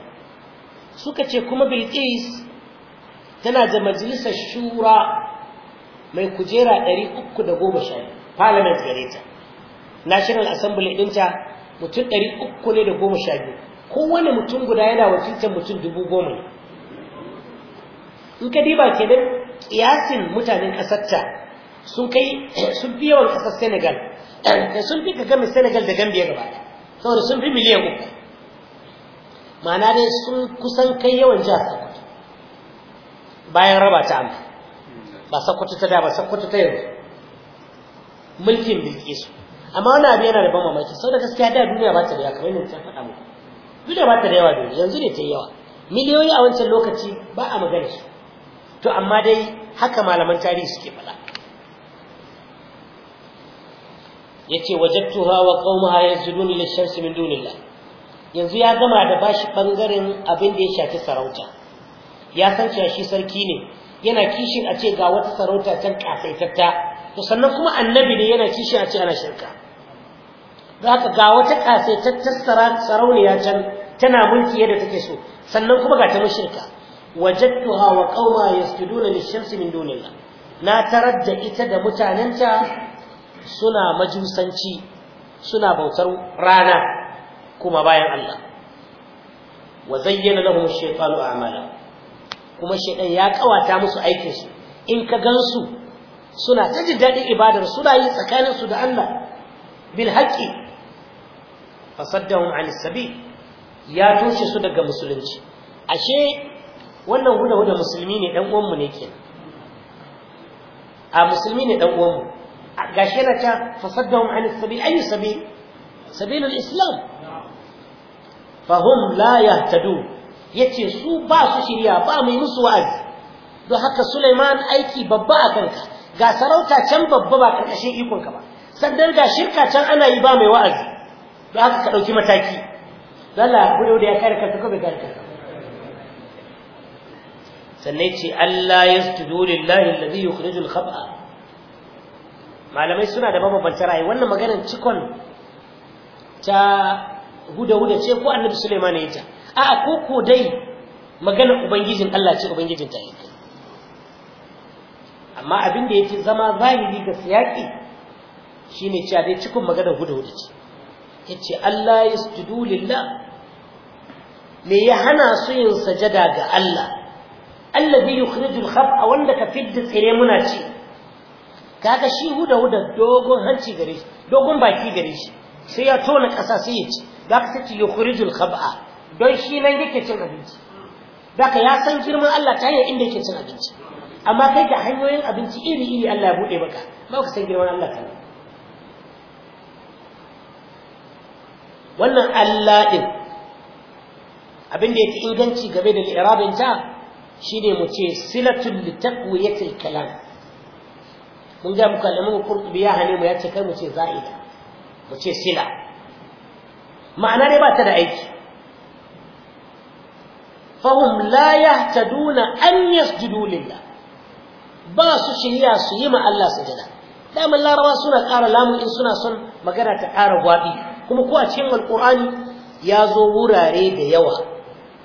Speaker 1: suka ce kuma bilqis tana da majalisar shura mai kujera 310 parliament gare ta national assembly dinta mutum 300 ne da kowane mutum guda yana wakiltar mutum 10,000 ne in ka diba ke nan, kiyasin mutanen ƙasarta sun kai sun fi yawan ƙasar senegal da sun fi kaga mai senegal da gambia gaba saboda sun fi miliyan uku ma'ana dai sun kusan kai yawan jihar sokoto bayan raba ta amma ba Sakkwata ta da ba Sakkwata ta yanzu mulkin bilkisu amma wani abu yana da ban mamaki sau da gaskiya da duniya ba ta da yawa kamar yadda ta faɗa muku duniya ba ta da yawa duniya yanzu ne ta yi yawa miliyoyi a wancan lokaci ba a magana su to amma dai haka malaman tarihi suke faɗa yace wajadtuha wa qaumuha yasjuduna lishamsi min dunillah yanzu ya gama da bashi bangaren abin da ya shafi sarauta ya san cewa shi sarki ne yana kishin a ce ga wata sarauta can kasaitatta to sannan kuma annabi ne yana kishin a ce ana shirka za ka ga wata kasaitattar sarauniya can tana mulki yadda take so sannan kuma ga ta mashirka wajadtuha wa qauma yasjuduna lishamsi min dunillah na tarar da ita da mutanenta suna majusanci suna bautar rana kuma bayan Allah wa zayyana lahum ash-shaytanu a'malahum kuma shaidan ya kawata musu aikinsu in ka gansu suna ta ji daɗin ibadar suna yi tsakaninsu da Allah bil haƙƙi fasaddahum an sabi ya toshe su daga musulunci ashe wannan huda huda musulmi ne dan uwanmu ne ke a musulmi ne dan uwanmu gashi na ta fasaddahum an sabi ayi sabi sabilul islam hum la yahtadun yace su ba su shirya ba mai musu wa'azi don haka Sulaiman aiki babba a kanka ga sarauta can babba ba karkashin ikonka ba sannan ga shirka can ana yi ba mai wa'azi don haka ka ɗauki mataki Allah gudu da ya kare kanka ko bai kare kanka sannan ce Allah ya studu lillahi alladhi yukhrijul khab'a malamai suna da mabambantar ra'ayi wannan maganar cikon ta huda huda ce ko annabi Sulaiman ya ta a ko ko dai magana ubangijin Allah ce ubangijin ta yake amma abin da yake zama zahiri ga siyaki shine cewa dai cikin magana guda guda ce yace Allah yasjudu lillah me ya hana su yin sajada ga Allah allazi yukhrijul khab'a wanda ka fidda tsire muna ce kaga shi huda huda dogon hanci gare shi dogon baki gare shi sai ya tona ƙasa sai ya ci za ka sace yukhrijul khab'a don shi nan yake cin abinci daga ya san girman Allah ta yi inda yake cin abinci amma kai da hanyoyin abinci iri iri Allah ya buɗe maka ba ku san girman Allah yi. wannan Allah din abin da yake inganci game da irabin ta shine mu ce silatul litaqwiyatil kalam mun ga muka alamun qurtubi ya halimu ya ce kai mu ce za'ida mu ce sila ma'ana dai ba ta da aiki fahum ta duna an yasjudu lillah ba su su yi ma Allah sujada daman larawa suna ƙara lamu in suna son magana ta ƙara gwabi kuma ko a cikin alqur'ani ya zo wurare da yawa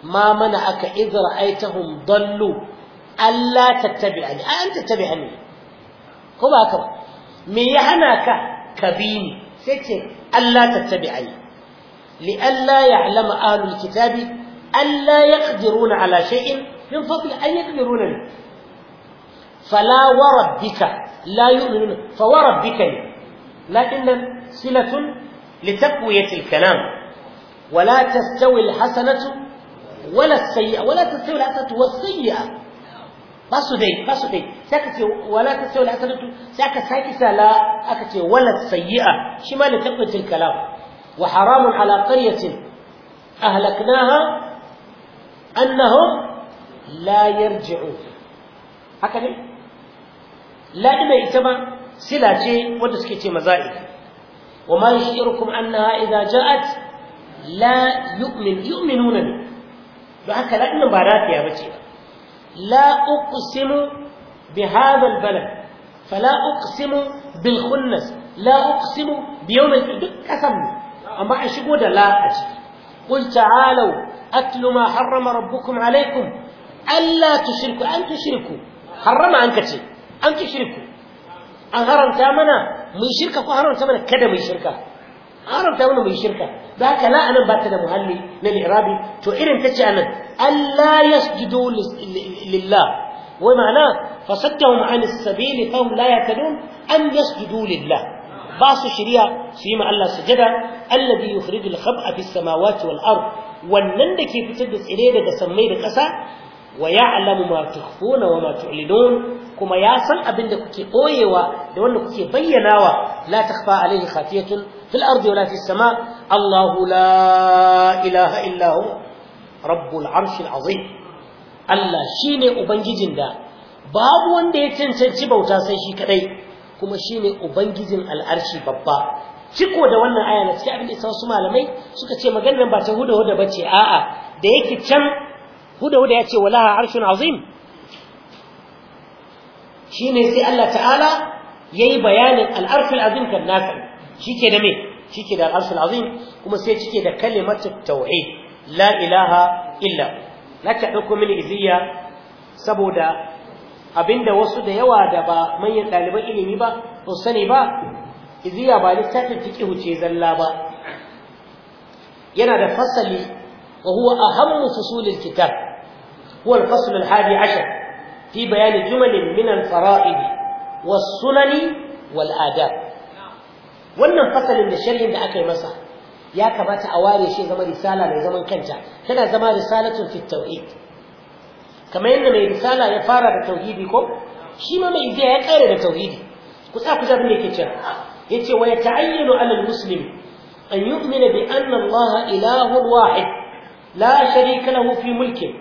Speaker 1: ma mana aka idra aitahum dallu Allah tattabi'ani an tattabi'ani ko ba haka me ya hana ka kabini sai ce Allah tattabi'ani li alla ya'lama alul kitabi الا يقدرون على شيء من فضل ان يقدرون لي. فلا وربك لا يؤمنون فوربك لي. لكن صله لتقويه الكلام ولا تستوي الحسنه ولا السيئه ولا تستوي الحسنه والسيئه باسو دي باسو دي ساكتي ولا تستوي الحسنه ساك ساكتي لا اكتي ولا السيئه شمال تقوية الكلام وحرام على قريه اهلكناها annahum la yarji'u haka ne la ita ba sila ce wanda suke ce maza'id wa ma yashirukum annaha idza ja'at la yu'min yu'minuna bi don haka la ba rafiya bace la uqsimu bi hadha albalad fala uqsimu bil khunnas la uqsimu bi yawm duk kasam amma a shigo da la a ciki qul ta'alu أتل ما حرم ربكم عليكم ألا تشركوا أن تشركوا حرم أنك أن تشركوا أن هرم تامنا من شركة وهرم تامنا كذا من شركة هرم تامنا من شركة ذاك لا أنا باتنا مهلي للإعرابي تو إرم تتشي أنا ألا يسجدوا لله ومعناه فصدهم عن السبيل فهم لا يهتدون أن يسجدوا لله بعض الشريعة فيما الله سجد الذي يخرج الخبأ في السماوات والأرض wannan da ke fitar da tsire daga sammai da ƙasa wa ya'lamu ma tukhfuna wa ma tu'linun kuma ya san abin da kuke ɓoyewa da wanda kuke bayyanawa la takhfa alayhi khafiyatun fil ardi wa la fis sama Allahu la ilaha illa hu rabbul arshil azim Allah shine ubangijin da babu wanda ya cancanci bauta sai shi kadai kuma shine ubangijin al'arshi babba ciko da wannan aya na cikin abin isa wasu malamai suka ce maganar ba ta huda huda bace a'a da yake can huda huda ya ce walaha arshun azim shine sai Allah ta'ala
Speaker 2: yayi bayanin al-arshul
Speaker 1: azim kan nasa shike da me shike da al-arshul azim kuma sai cike da kalimatu tauhid la ilaha illa naka dauko mini iziya saboda abinda wasu da yawa da ba manyan ɗaliban ilimi ba to sani ba iziya ba littafin fiqhu huce zalla ba yana da fasali wa huwa ahammu fusulil kitab huwa al-fasl al-hadi ashar fi bayani jumal min al-fara'id was-sunan wal-adab wannan fasalin da sharhin da aka yi masa ya kamata a ware shi zama risala mai zaman kanta tana zama risalatun fi tauhid kamar yadda mai risala ya fara da tauhidi ko shi ma mai zai ya kare da tauhidi ku sa ku zabi ke cewa يتي ويتعين على المسلم أن يؤمن بأن الله إله واحد لا شريك له في ملكه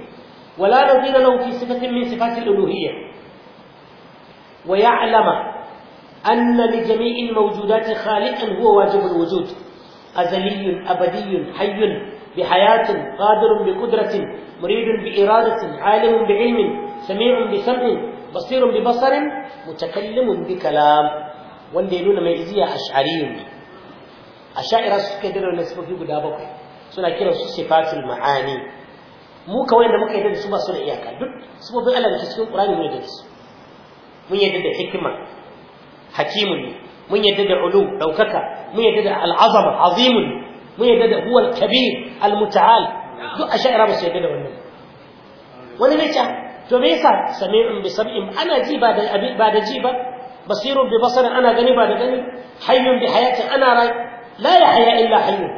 Speaker 1: ولا نظير له في صفة من صفات الألوهية ويعلم أن لجميع الموجودات خالقا هو واجب الوجود أزلي أبدي حي بحياة قادر بقدرة مريد بإرادة عالم بعلم سميع بسمع بصير ببصر متكلم بكلام wanda ya nuna mai iziya ash'ariyun ne ash'ira su suka dira wannan sifofi guda bakwai suna kiran su sifatul ma'ani mu kawai da muka yadda da su ba su da iyaka duk sifofin Allah da ke cikin Qur'ani mun yadda da su mun yadda da hikima hakimun ne mun yadda da ulu daukaka mun yadda da al'azama azimun mun yadda da huwal kabir al-muta'al duk ash'ira ba su yadda da wannan wani ne to me yasa sami'un bi sab'in ana ji ba da ba da ji ba basirun bi basara ana gani ba da gani hayyun bi hayatin ana rai la ya haya illa hayyun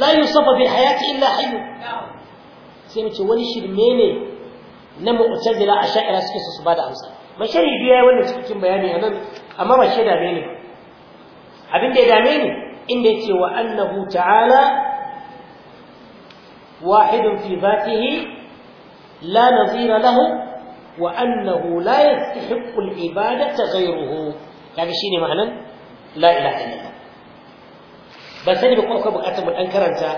Speaker 1: la yusafa bi hayati illa hayyun sai mu ce wani shirme ne na mu'tazila a sha'ira suke su ba da amsa bashari biya wannan cikin bayani anan amma ba shaida ne abin da ya dame ni inda yake wa annahu ta'ala واحد في ذاته لا نظير له wa annahu la yastahiqqu al-ibadata ghayruhu kaga shine ma'anan la ilaha ban sani ba kuma bukatar mu dan karanta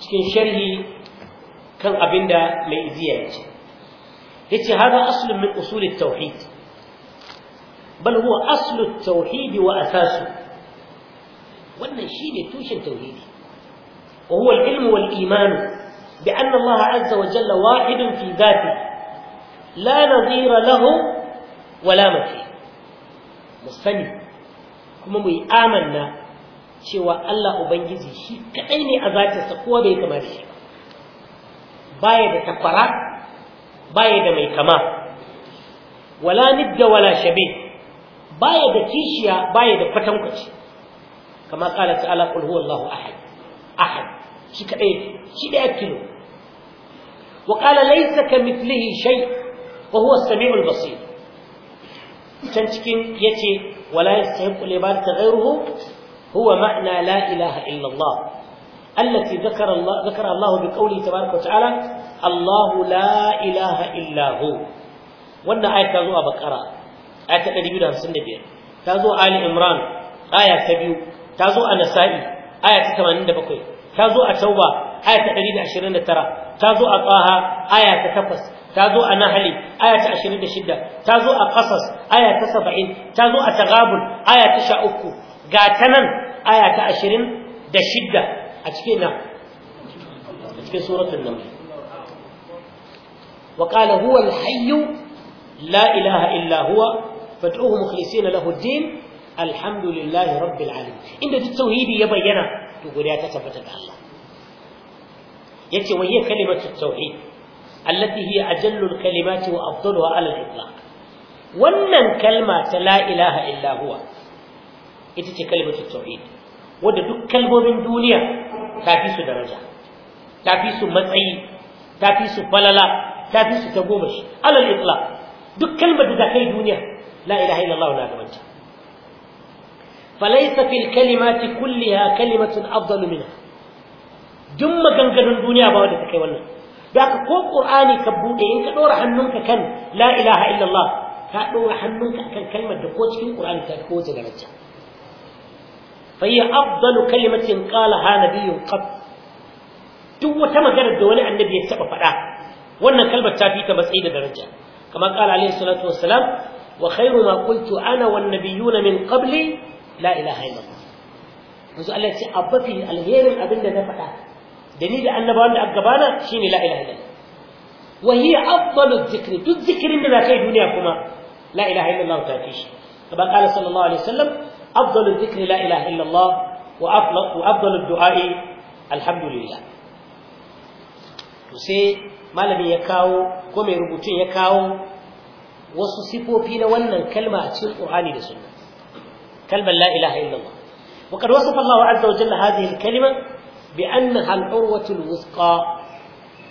Speaker 1: cikin sharhi kan abinda mai iziya yace yace hada aslun min usul at-tauhid bal huwa aslu at-tauhid wa asasu wannan shine tushen tauhidi وهو العلم والإيمان بأن الله عز وجل واحد في ذاته la nazira lahu wala mafi mu sani kuma mu yi amanna cewa Allah Ubangiji shi kaɗai ne a zatinsa kowa bai kama da shi baya da takwara baya da mai kama wala nidda wala shabe baya da kishiya baya da kwatankwaci kama kala ta'ala qul huwallahu ahad ahad shi kaɗai shi ɗaya kilo wa qala ka kamithlihi shay' wa huwa as-sami'ul basir can cikin yace wala yastahiqu libad ghayruhu huwa ma'na la ilaha illa Allah التي ذكر الله ذكر الله بقوله تبارك وتعالى الله لا اله الا هو wannan aya ta zo a bakara aya ta 255 ta zo a ali imran aya ta biyu ta zo a nasa'i aya ta 87 ta zo a tauba aya ta ta zo a qaha aya ta ta zo a nahali aya ta 26 ta zo a qasas aya ta 70 ta zo a tagabul aya ta 13 ga ta nan aya ta 26 a cikin a cikin suratul naml wa qala huwa al-hayy la ilaha illa huwa fad'uhu mukhlisina lahu ad-din alhamdulillahi rabbil alamin inda duk tauhidi ya bayyana to godiya ta tabbata ga Allah yace wa hiya kalimatu tauhid allati hiya ajallul kalimati wa afdaluha ala wannan kalma ta la ilaha illa huwa ita ce kalmatu tauhid wadda duk kalmomin duniya ta fi su daraja ta fi su matsayi ta fi su falala ta fi su tagomashi alal itlaq duk kalmar da kai duniya la ilaha illallah na gabanta falaysa fil kalimati kulliha kalimatun afdalu minha duk maganganun duniya ba wanda ta kai wannan zaka ko qur'ani ka bude in ka dora hannunka kan la ilaha illallah ka dora hannunka kan kalmar da ko cikin qur'ani ta ko wace daraja fa hiya afdalu kalimatin qalaha nabiyyun qat duk wata magana da wani annabi ya taba faɗa wannan kalmar ta fi ta matsayi da daraja kamar qala alayhi salatu wassalam wa khairu ma qultu ana wan nabiyyuna min qabli la ilaha illallah yanzu Allah ya ce a bafi alherin abin da na faɗa da ni da annabawan da aka gabana shine la ilaha illallah wa hiya afdalu dhikri duk zikirin da kai duniya kuma la ilaha illallah ta fi shi kaba qala sallallahu alaihi wasallam afdalu dhikri la ilaha illallah wa afdalu du'a'i alhamdulillah to sai malami ya kawo ko mai rubutun ya kawo wasu sifofi na wannan kalma a cikin Qur'ani da Sunna kalmar la ilaha illallah وقد وصف الله عز وجل هذه الكلمه بأنها العروة الوثقى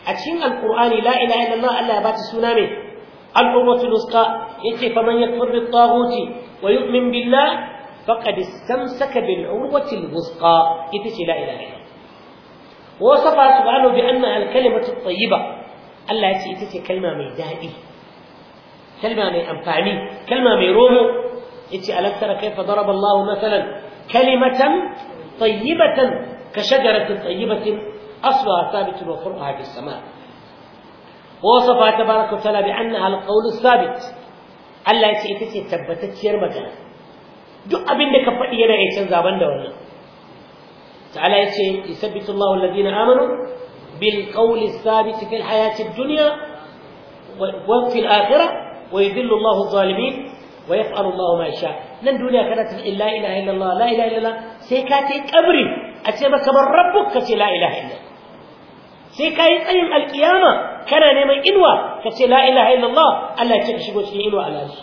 Speaker 1: أتشين القرآن لا إله إلا الله ألا بات سنامه العروة الوثقى يتي فمن يكفر بالطاغوت ويؤمن بالله فقد استمسك بالعروة الوثقى يتي لا إله إلا الله ووصفها سبحانه بأنها الكلمة الطيبة ألا يتي كلمة ميدائي كلمة مي أنفعني كلمة مي رومو يتي ألم كيف ضرب الله مثلا كلمة طيبة كشجرة طيبة أصلها ثابت وفرعها في السماء ووصفها تبارك وتعالى بأنها القول الثابت Allah ya ce ita ce tabbatacciyar magana duk abin da ka faɗi yana iya canza da wannan ta'ala ya ce yusabbitu Allahu alladhina amanu bil qawli thabit fil hayati ad-dunya wa fil akhirah wa yudhillu Allahu adh-dhalimin nan duniya kana la sai ka kai kabri a ce maka man rabbuk ka ce la ilaha illallah sai ka yi tsayin alkiyama kana neman inuwa ka ce la ilaha illallah Allah ya ce ka shigo cikin inuwa alhaji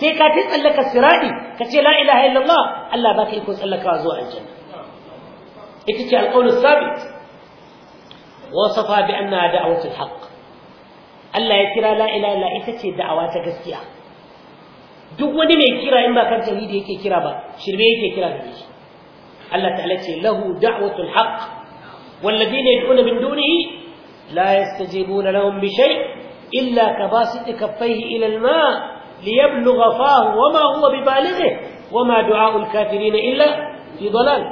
Speaker 1: sai ka ta tsallaka siradi ka ce la ilaha illallah Allah ba ka iko tsallakawa zuwa aljanna ita ce alƙawlus sabit wasafa bi anna da'watul haqq Allah ya kira la ilaha illa ita ce da'awa ta gaskiya duk wani mai kira in ba kan tauhidi yake kira ba shirme yake kira da shi Allah ta'ala ce lahu da'watul haqq walladhina yad'una min dunihi la yastajibuna lahum bi shay illa kabasiti kaffayhi ila al-ma' liyablugha fahu wama huwa bibalighi wama du'a'ul kafirin illa fi dalal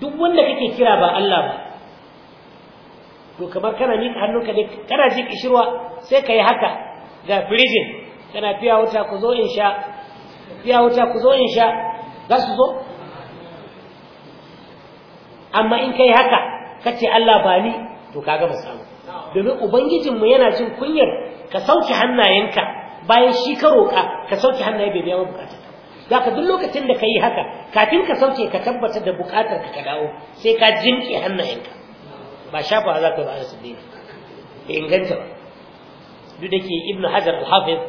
Speaker 1: duk wanda kake kira ba Allah ba to kamar kana miƙa hannunka ne kana ji kishirwa sai ka yi haka ga firijin kana fiya wuta ku zo in sha fiya wuta ku zo in sha za su zo amma in kai haka ce Allah ba ni to ka gama samu domin ubangijinmu yana jin kunyar ka sauke hannayenka bayan shi ka roƙa ka sauke hannaye bai biya ba bukatar za ka duk lokacin da ka yi haka kafin ka sauke ka tabbatar da bukatar ka dawo sai ka jinƙe hannayenka ba shafawa za ka ba su daina. bai inganta ba duk da ke ibnu hajar al-hafiz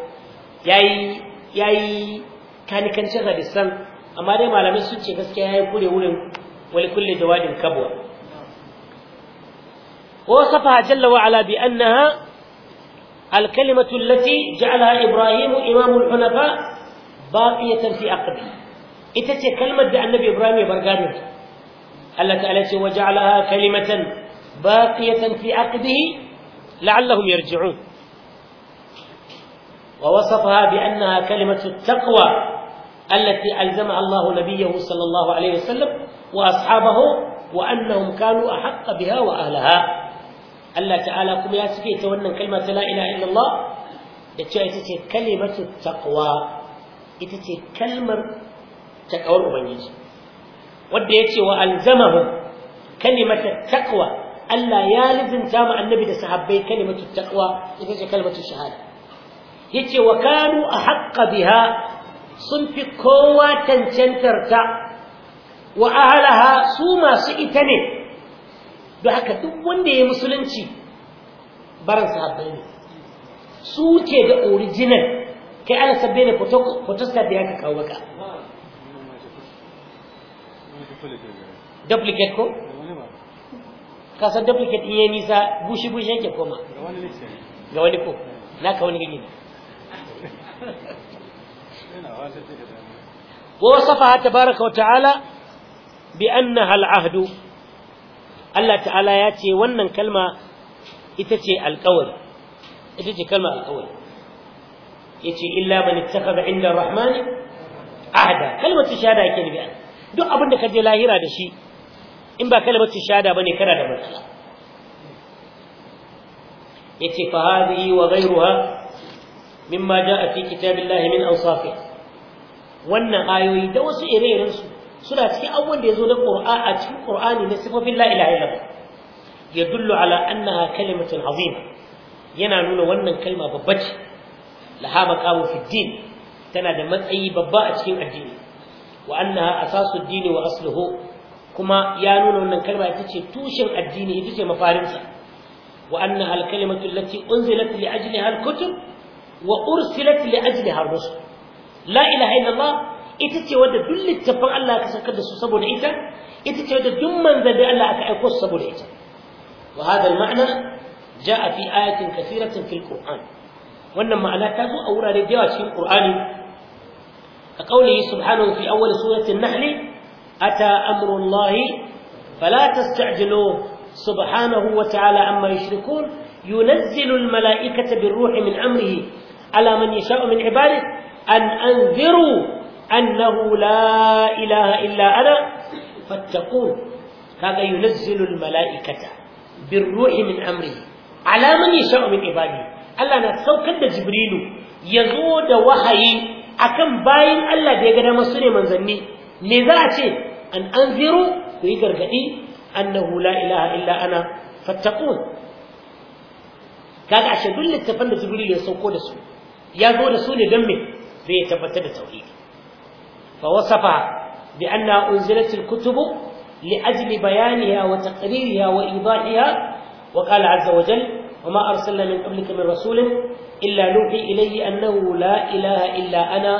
Speaker 1: yayi kanikancin hadisan amma dai malamai sun ce gaskiya ya yi kure wurin ولكل جواد كبوة ووصفها جل وعلا بأنها الكلمة التي جعلها إبراهيم إمام الحنفاء باقية في عقبه إتت كلمة النبي إبراهيم برقانه التي تعالى وجعلها كلمة باقية في عقده لعلهم يرجعون ووصفها بأنها كلمة التقوى التي ألزم الله نبيه صلى الله عليه وسلم وأصحابه وأنهم كانوا أحق بها وأهلها الله تعالى كم ياتي تولى كلمة لا إله إلا الله تتي كلمة التقوى تتي كلمة تقوى أبنجي wadda ya ce wa alzamahu kalimatar takwa Allah ya lizinta ma annabi da sahabbai kalimatar takwa ita ce kalmatar shahada yace wa kanu ahqqa biha sun fi kowa cancantarta wa ahalaha su masu ita ne da haka duk wanda ya musulunci baran sahabbai ne su ke da original kai ana sabbe ne fotosta da ya ka kawo baka duplicate ko? kasar duplicate in nisa bushi-bushi yake koma ga wani ko na ka wani gini ووصفها تبارك وتعالى بأنها العهد الله تعالى ياتي ونن كلمة إتتي القول إتتي كلمة القول يتي إلا من اتخذ عند الرحمن عهدا كلمة الشهادة يكين بأن دو أبن كجي لاهرة دشي إن با كلمة الشهادة بني كرا دمتلا يتي فهذه وغيرها mimma jaa fi kitabillahi min awsafi wannan ayoyi da wasu ire-iren su suna cikin abubuwan da zo da ƙur'a a cikin Qur'ani na sifofin la ilaha illallah yadullu ala annaha kalimatun azima yana nuna wannan kalma babba ce laha maqamu tana da matsayi babba a cikin addini wa annaha asasu dini wa asluhu kuma ya nuna wannan kalma ita ce tushen addini ita ce mafarinsa wa annaha al allati unzilat li ajliha al-kutub وارسلت لاجلها الرسل لا اله الا الله إ ت ت ي ودى دل التبع الله كسكت الصبو العيسى إ ت ت ي ودى دم من ذا بالله كايقو الصبو العيسى وهذا المعنى جاء في آ آية كثيره في القران وانما على تابو أ و ر ا ل كقوله سبحانه في اول سوره النحل اتى امر الله فلا تستعجلوا سبحانه وتعالى عما يشركون ينزل الملائكه بالروح من امره ala man yasha'u min ibadi an anziru annahu la ilaha illa ana fattaqun kaga yunazzilu al mala'ikata bir amri. min amrihi ala man yasha'u min ibadi Allah na saukar da Jibrilu ya zo da wahayi akan bayin Allah da ya gada masu ne manzanni me za a ce an anziru ku yi gargadi annahu la ilaha illa ana ashe duk Jibril ya sauko da su ya zo da su ne don me zai ya tabbatar da tauhidi fa wasafa bi anna unzilat al-kutub li ajli bayaniha wa taqririha wa idahiha wa qala azza wa jalla wa ma arsalna min qablika min rasulin illa nuhi ilayhi annahu la ilaha illa ana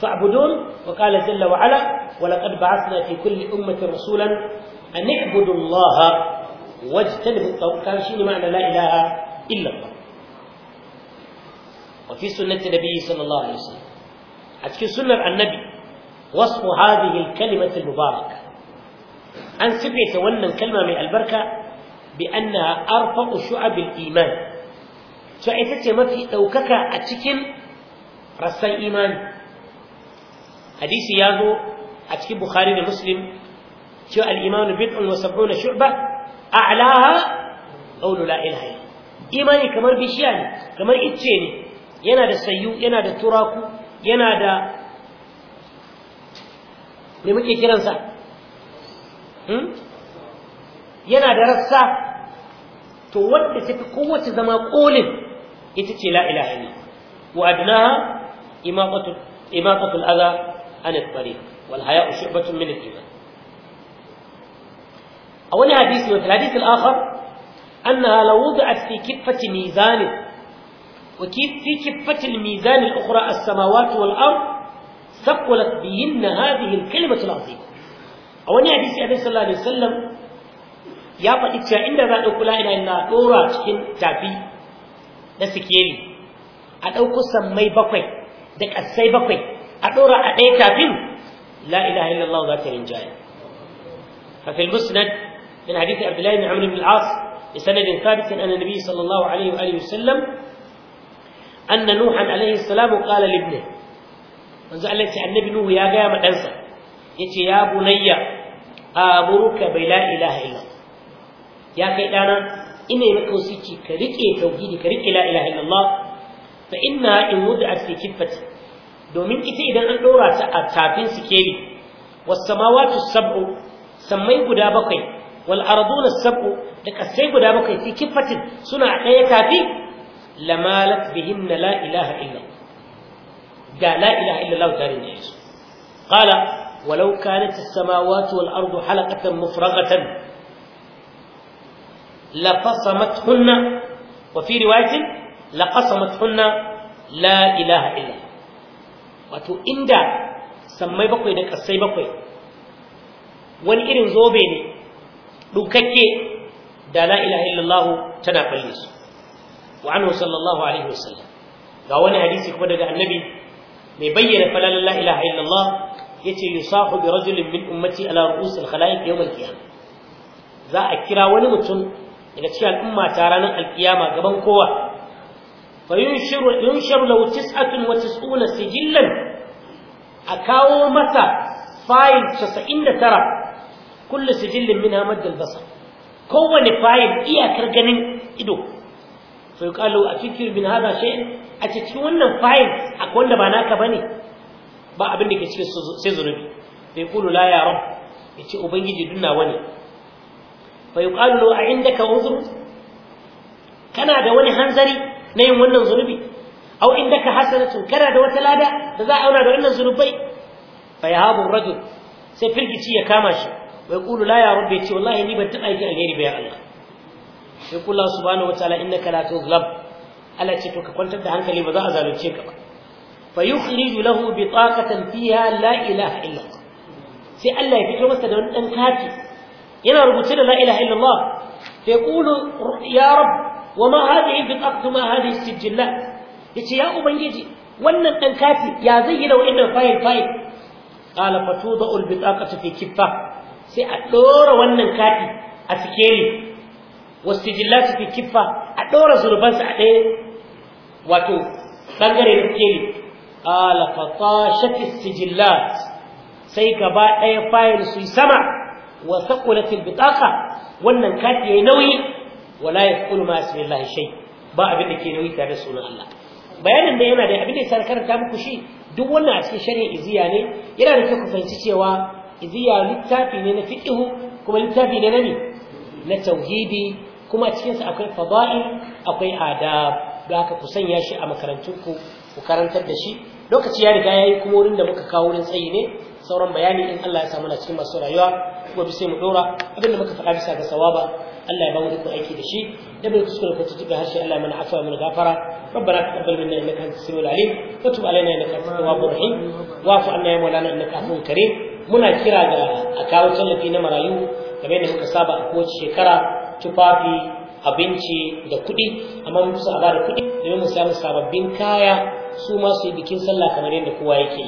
Speaker 1: fa'budun wa qala jalla wa ala wa laqad ba'athna fi kulli ummatin rasulan an na'budu allaha wajtanibu at-tawhid shine ma'ana la ilaha illa allah wa fi sunnati nabi sallallahu alaihi wasallam a cikin sunnar annabi wasfu hadhihi al-kalimati al-mubaraka an sifaita wannan kalma mai albarka bi annaha arfa'u shu'ab iman to ita ce mafi ɗaukaka a cikin rassan imani hadisi ya zo a cikin bukhari da muslim cewa al-imanu bid'un wa sab'una shu'ba a'laha qawlu la imani kamar bishiya ne kamar icce ne yana da sayu yana da turaku yana da me muke kiransa hmm? yana da rassa to wadda tafi kowace zama kolin ita ce la ilaha illallah wa adnaha imaqatul imaqatul adha an at-tariq wal haya'u shu'batun min al-iman a wani hadisi wa hadith al-akhar annaha law wud'at fi kiffati mizanin وفي كفة الميزان الأخرى السماوات والأرض ثقلت بهن هذه الكلمة العظيمة a wani hadisi a sallallahu alaihi wasallam ya faɗi cewa inda za a ɗauko la'ina ina ɗora cikin tafi na sikeli a ɗauko sammai bakwai da ƙasai bakwai a ɗora a ɗaya tafin la'ila illallah za ta rinjaye ففي المسند من حديث عبد الله بن عمرو بن العاص بسند ثابت ان النبي صلى الله عليه وسلم أن نوحا عليه السلام قال لابنه manzo ce annabi Nuhu ya gaya ma ɗansa ya ce ya bunayya amuruka bai la ilaha ya kai ɗana ina yi maka ka riƙe tauhidi ka riƙe la ilaha illallah fa inna in wuda a fi kiffati domin ita idan an ɗora ta a tafin sikeli was samawati sab'u sammai guda bakwai wal arduna sab'u da kasai guda bakwai fi kiffatin suna ɗaya tafi لمالت بهن لا إله إلا الله جاء لا إله إلا الله تارين يسوع قال ولو كانت السماوات والأرض حلقة مفرغة لقسمتهن وفي رواية لقسمتهن لا إله إلا الله wato inda sammai bakwai da ƙasai bakwai wani irin zobe ne dukakke da la ilaha illallah tana balle su wa anhu sallallahu alaihi wasallam ga wani hadisi kuma daga annabi mai bayyana falalan la ilaha illallah yace yusahu bi rajulin min ummati ala ru'usil khalaiq yawm al-qiyamah za a kira wani mutum daga cikin al'umma ta ranar alkiyama gaban kowa fa yunshiru yunshiru lahu tis'atun wa tis'una sijillan a kawo masa fayil 99 kullu sijillin minha madd fayil iyakar ganin ido fa a afikir bin hadha shay a cikin wannan file akwai wanda ba naka ba ne ba abin da ke cikin sai zunubi fa yaqulu la ya rab yace ubangiji dunna wani fa a a indaka uzr kana da wani hanzari na yin wannan zunubi aw indaka hasanatun kana da wata lada da za a auna da wannan zunubai fa yahabu rajul sai firgici ya kama shi wa yaqulu la ya bai ce wallahi ni ban taɓa yi alheri ba ya Allah su bani wata subhanahu wataala innaka la tuzlam Allah ce to ka kwantar da hankali ba za a zalunce ka ba fa yukhriju lahu bitaqatan fiha la ilaha illa sai Allah ya fito masa da wani dan kati yana rubuce da la ilaha illa Allah fa yaqulu ya rab wama hadhihi bitaqatu ma hadhihi sijillat yace ya ubangiji wannan dan kati ya zai yi da wannan fayil fayil qala fatuda'u albitaqatu fi kiffa sai a dora wannan kati a sikeli wastijillati fi kiffa a ɗora zurbansa a ɗaya wato bangare na keli ala fatashati sijillat sai gaba ɗaya fayil su sama wa thaqulatil bitaqa wannan kati yayi nauyi wala yaqulu ma asmillahi shay ba abin da ke nauyi tare da sunan Allah bayanin da yana da abin da ya karanta muku shi duk wannan a cikin shari'a iziya ne yana da kyau fahimci cewa iziya littafi ne na fiqhu kuma littafi ne na ne na tauhidi kuma cikin cikinsa akwai fada'il akwai adab da haka ku sanya shi a makarantunku ku karantar da shi lokaci ya riga yayi kuma wurin da muka kawo wurin tsayi ne sauran bayani in Allah ya samu na cikin masu rayuwa Kuma bi sai mu dora da muka faɗa bisa ga sawaba Allah ya ba mu aiki da shi da bai kuskure ko harshe Allah ya mana afuwa mana gafara minna innaka antas samiul alim wa tub وتب innaka antas tawwabur rahim wa واعف anna يا مولانا innaka عفو karim muna kira ga akawo tallafi na marayu game da muka saba a kowace shekara tufafi abinci da kuɗi amma mun kusa da kuɗi domin mu samu sababbin kaya su ma su yi bikin sallah kamar yadda kowa yake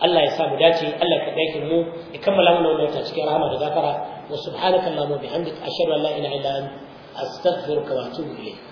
Speaker 1: Allah ya sa mu dace Allah ka dace mu ya kammala mu wannan wata cikin rahama da gafara wa subhanakallahumma bihamdika ashhadu an la ilaha illa anta astaghfiruka wa atubu ilayk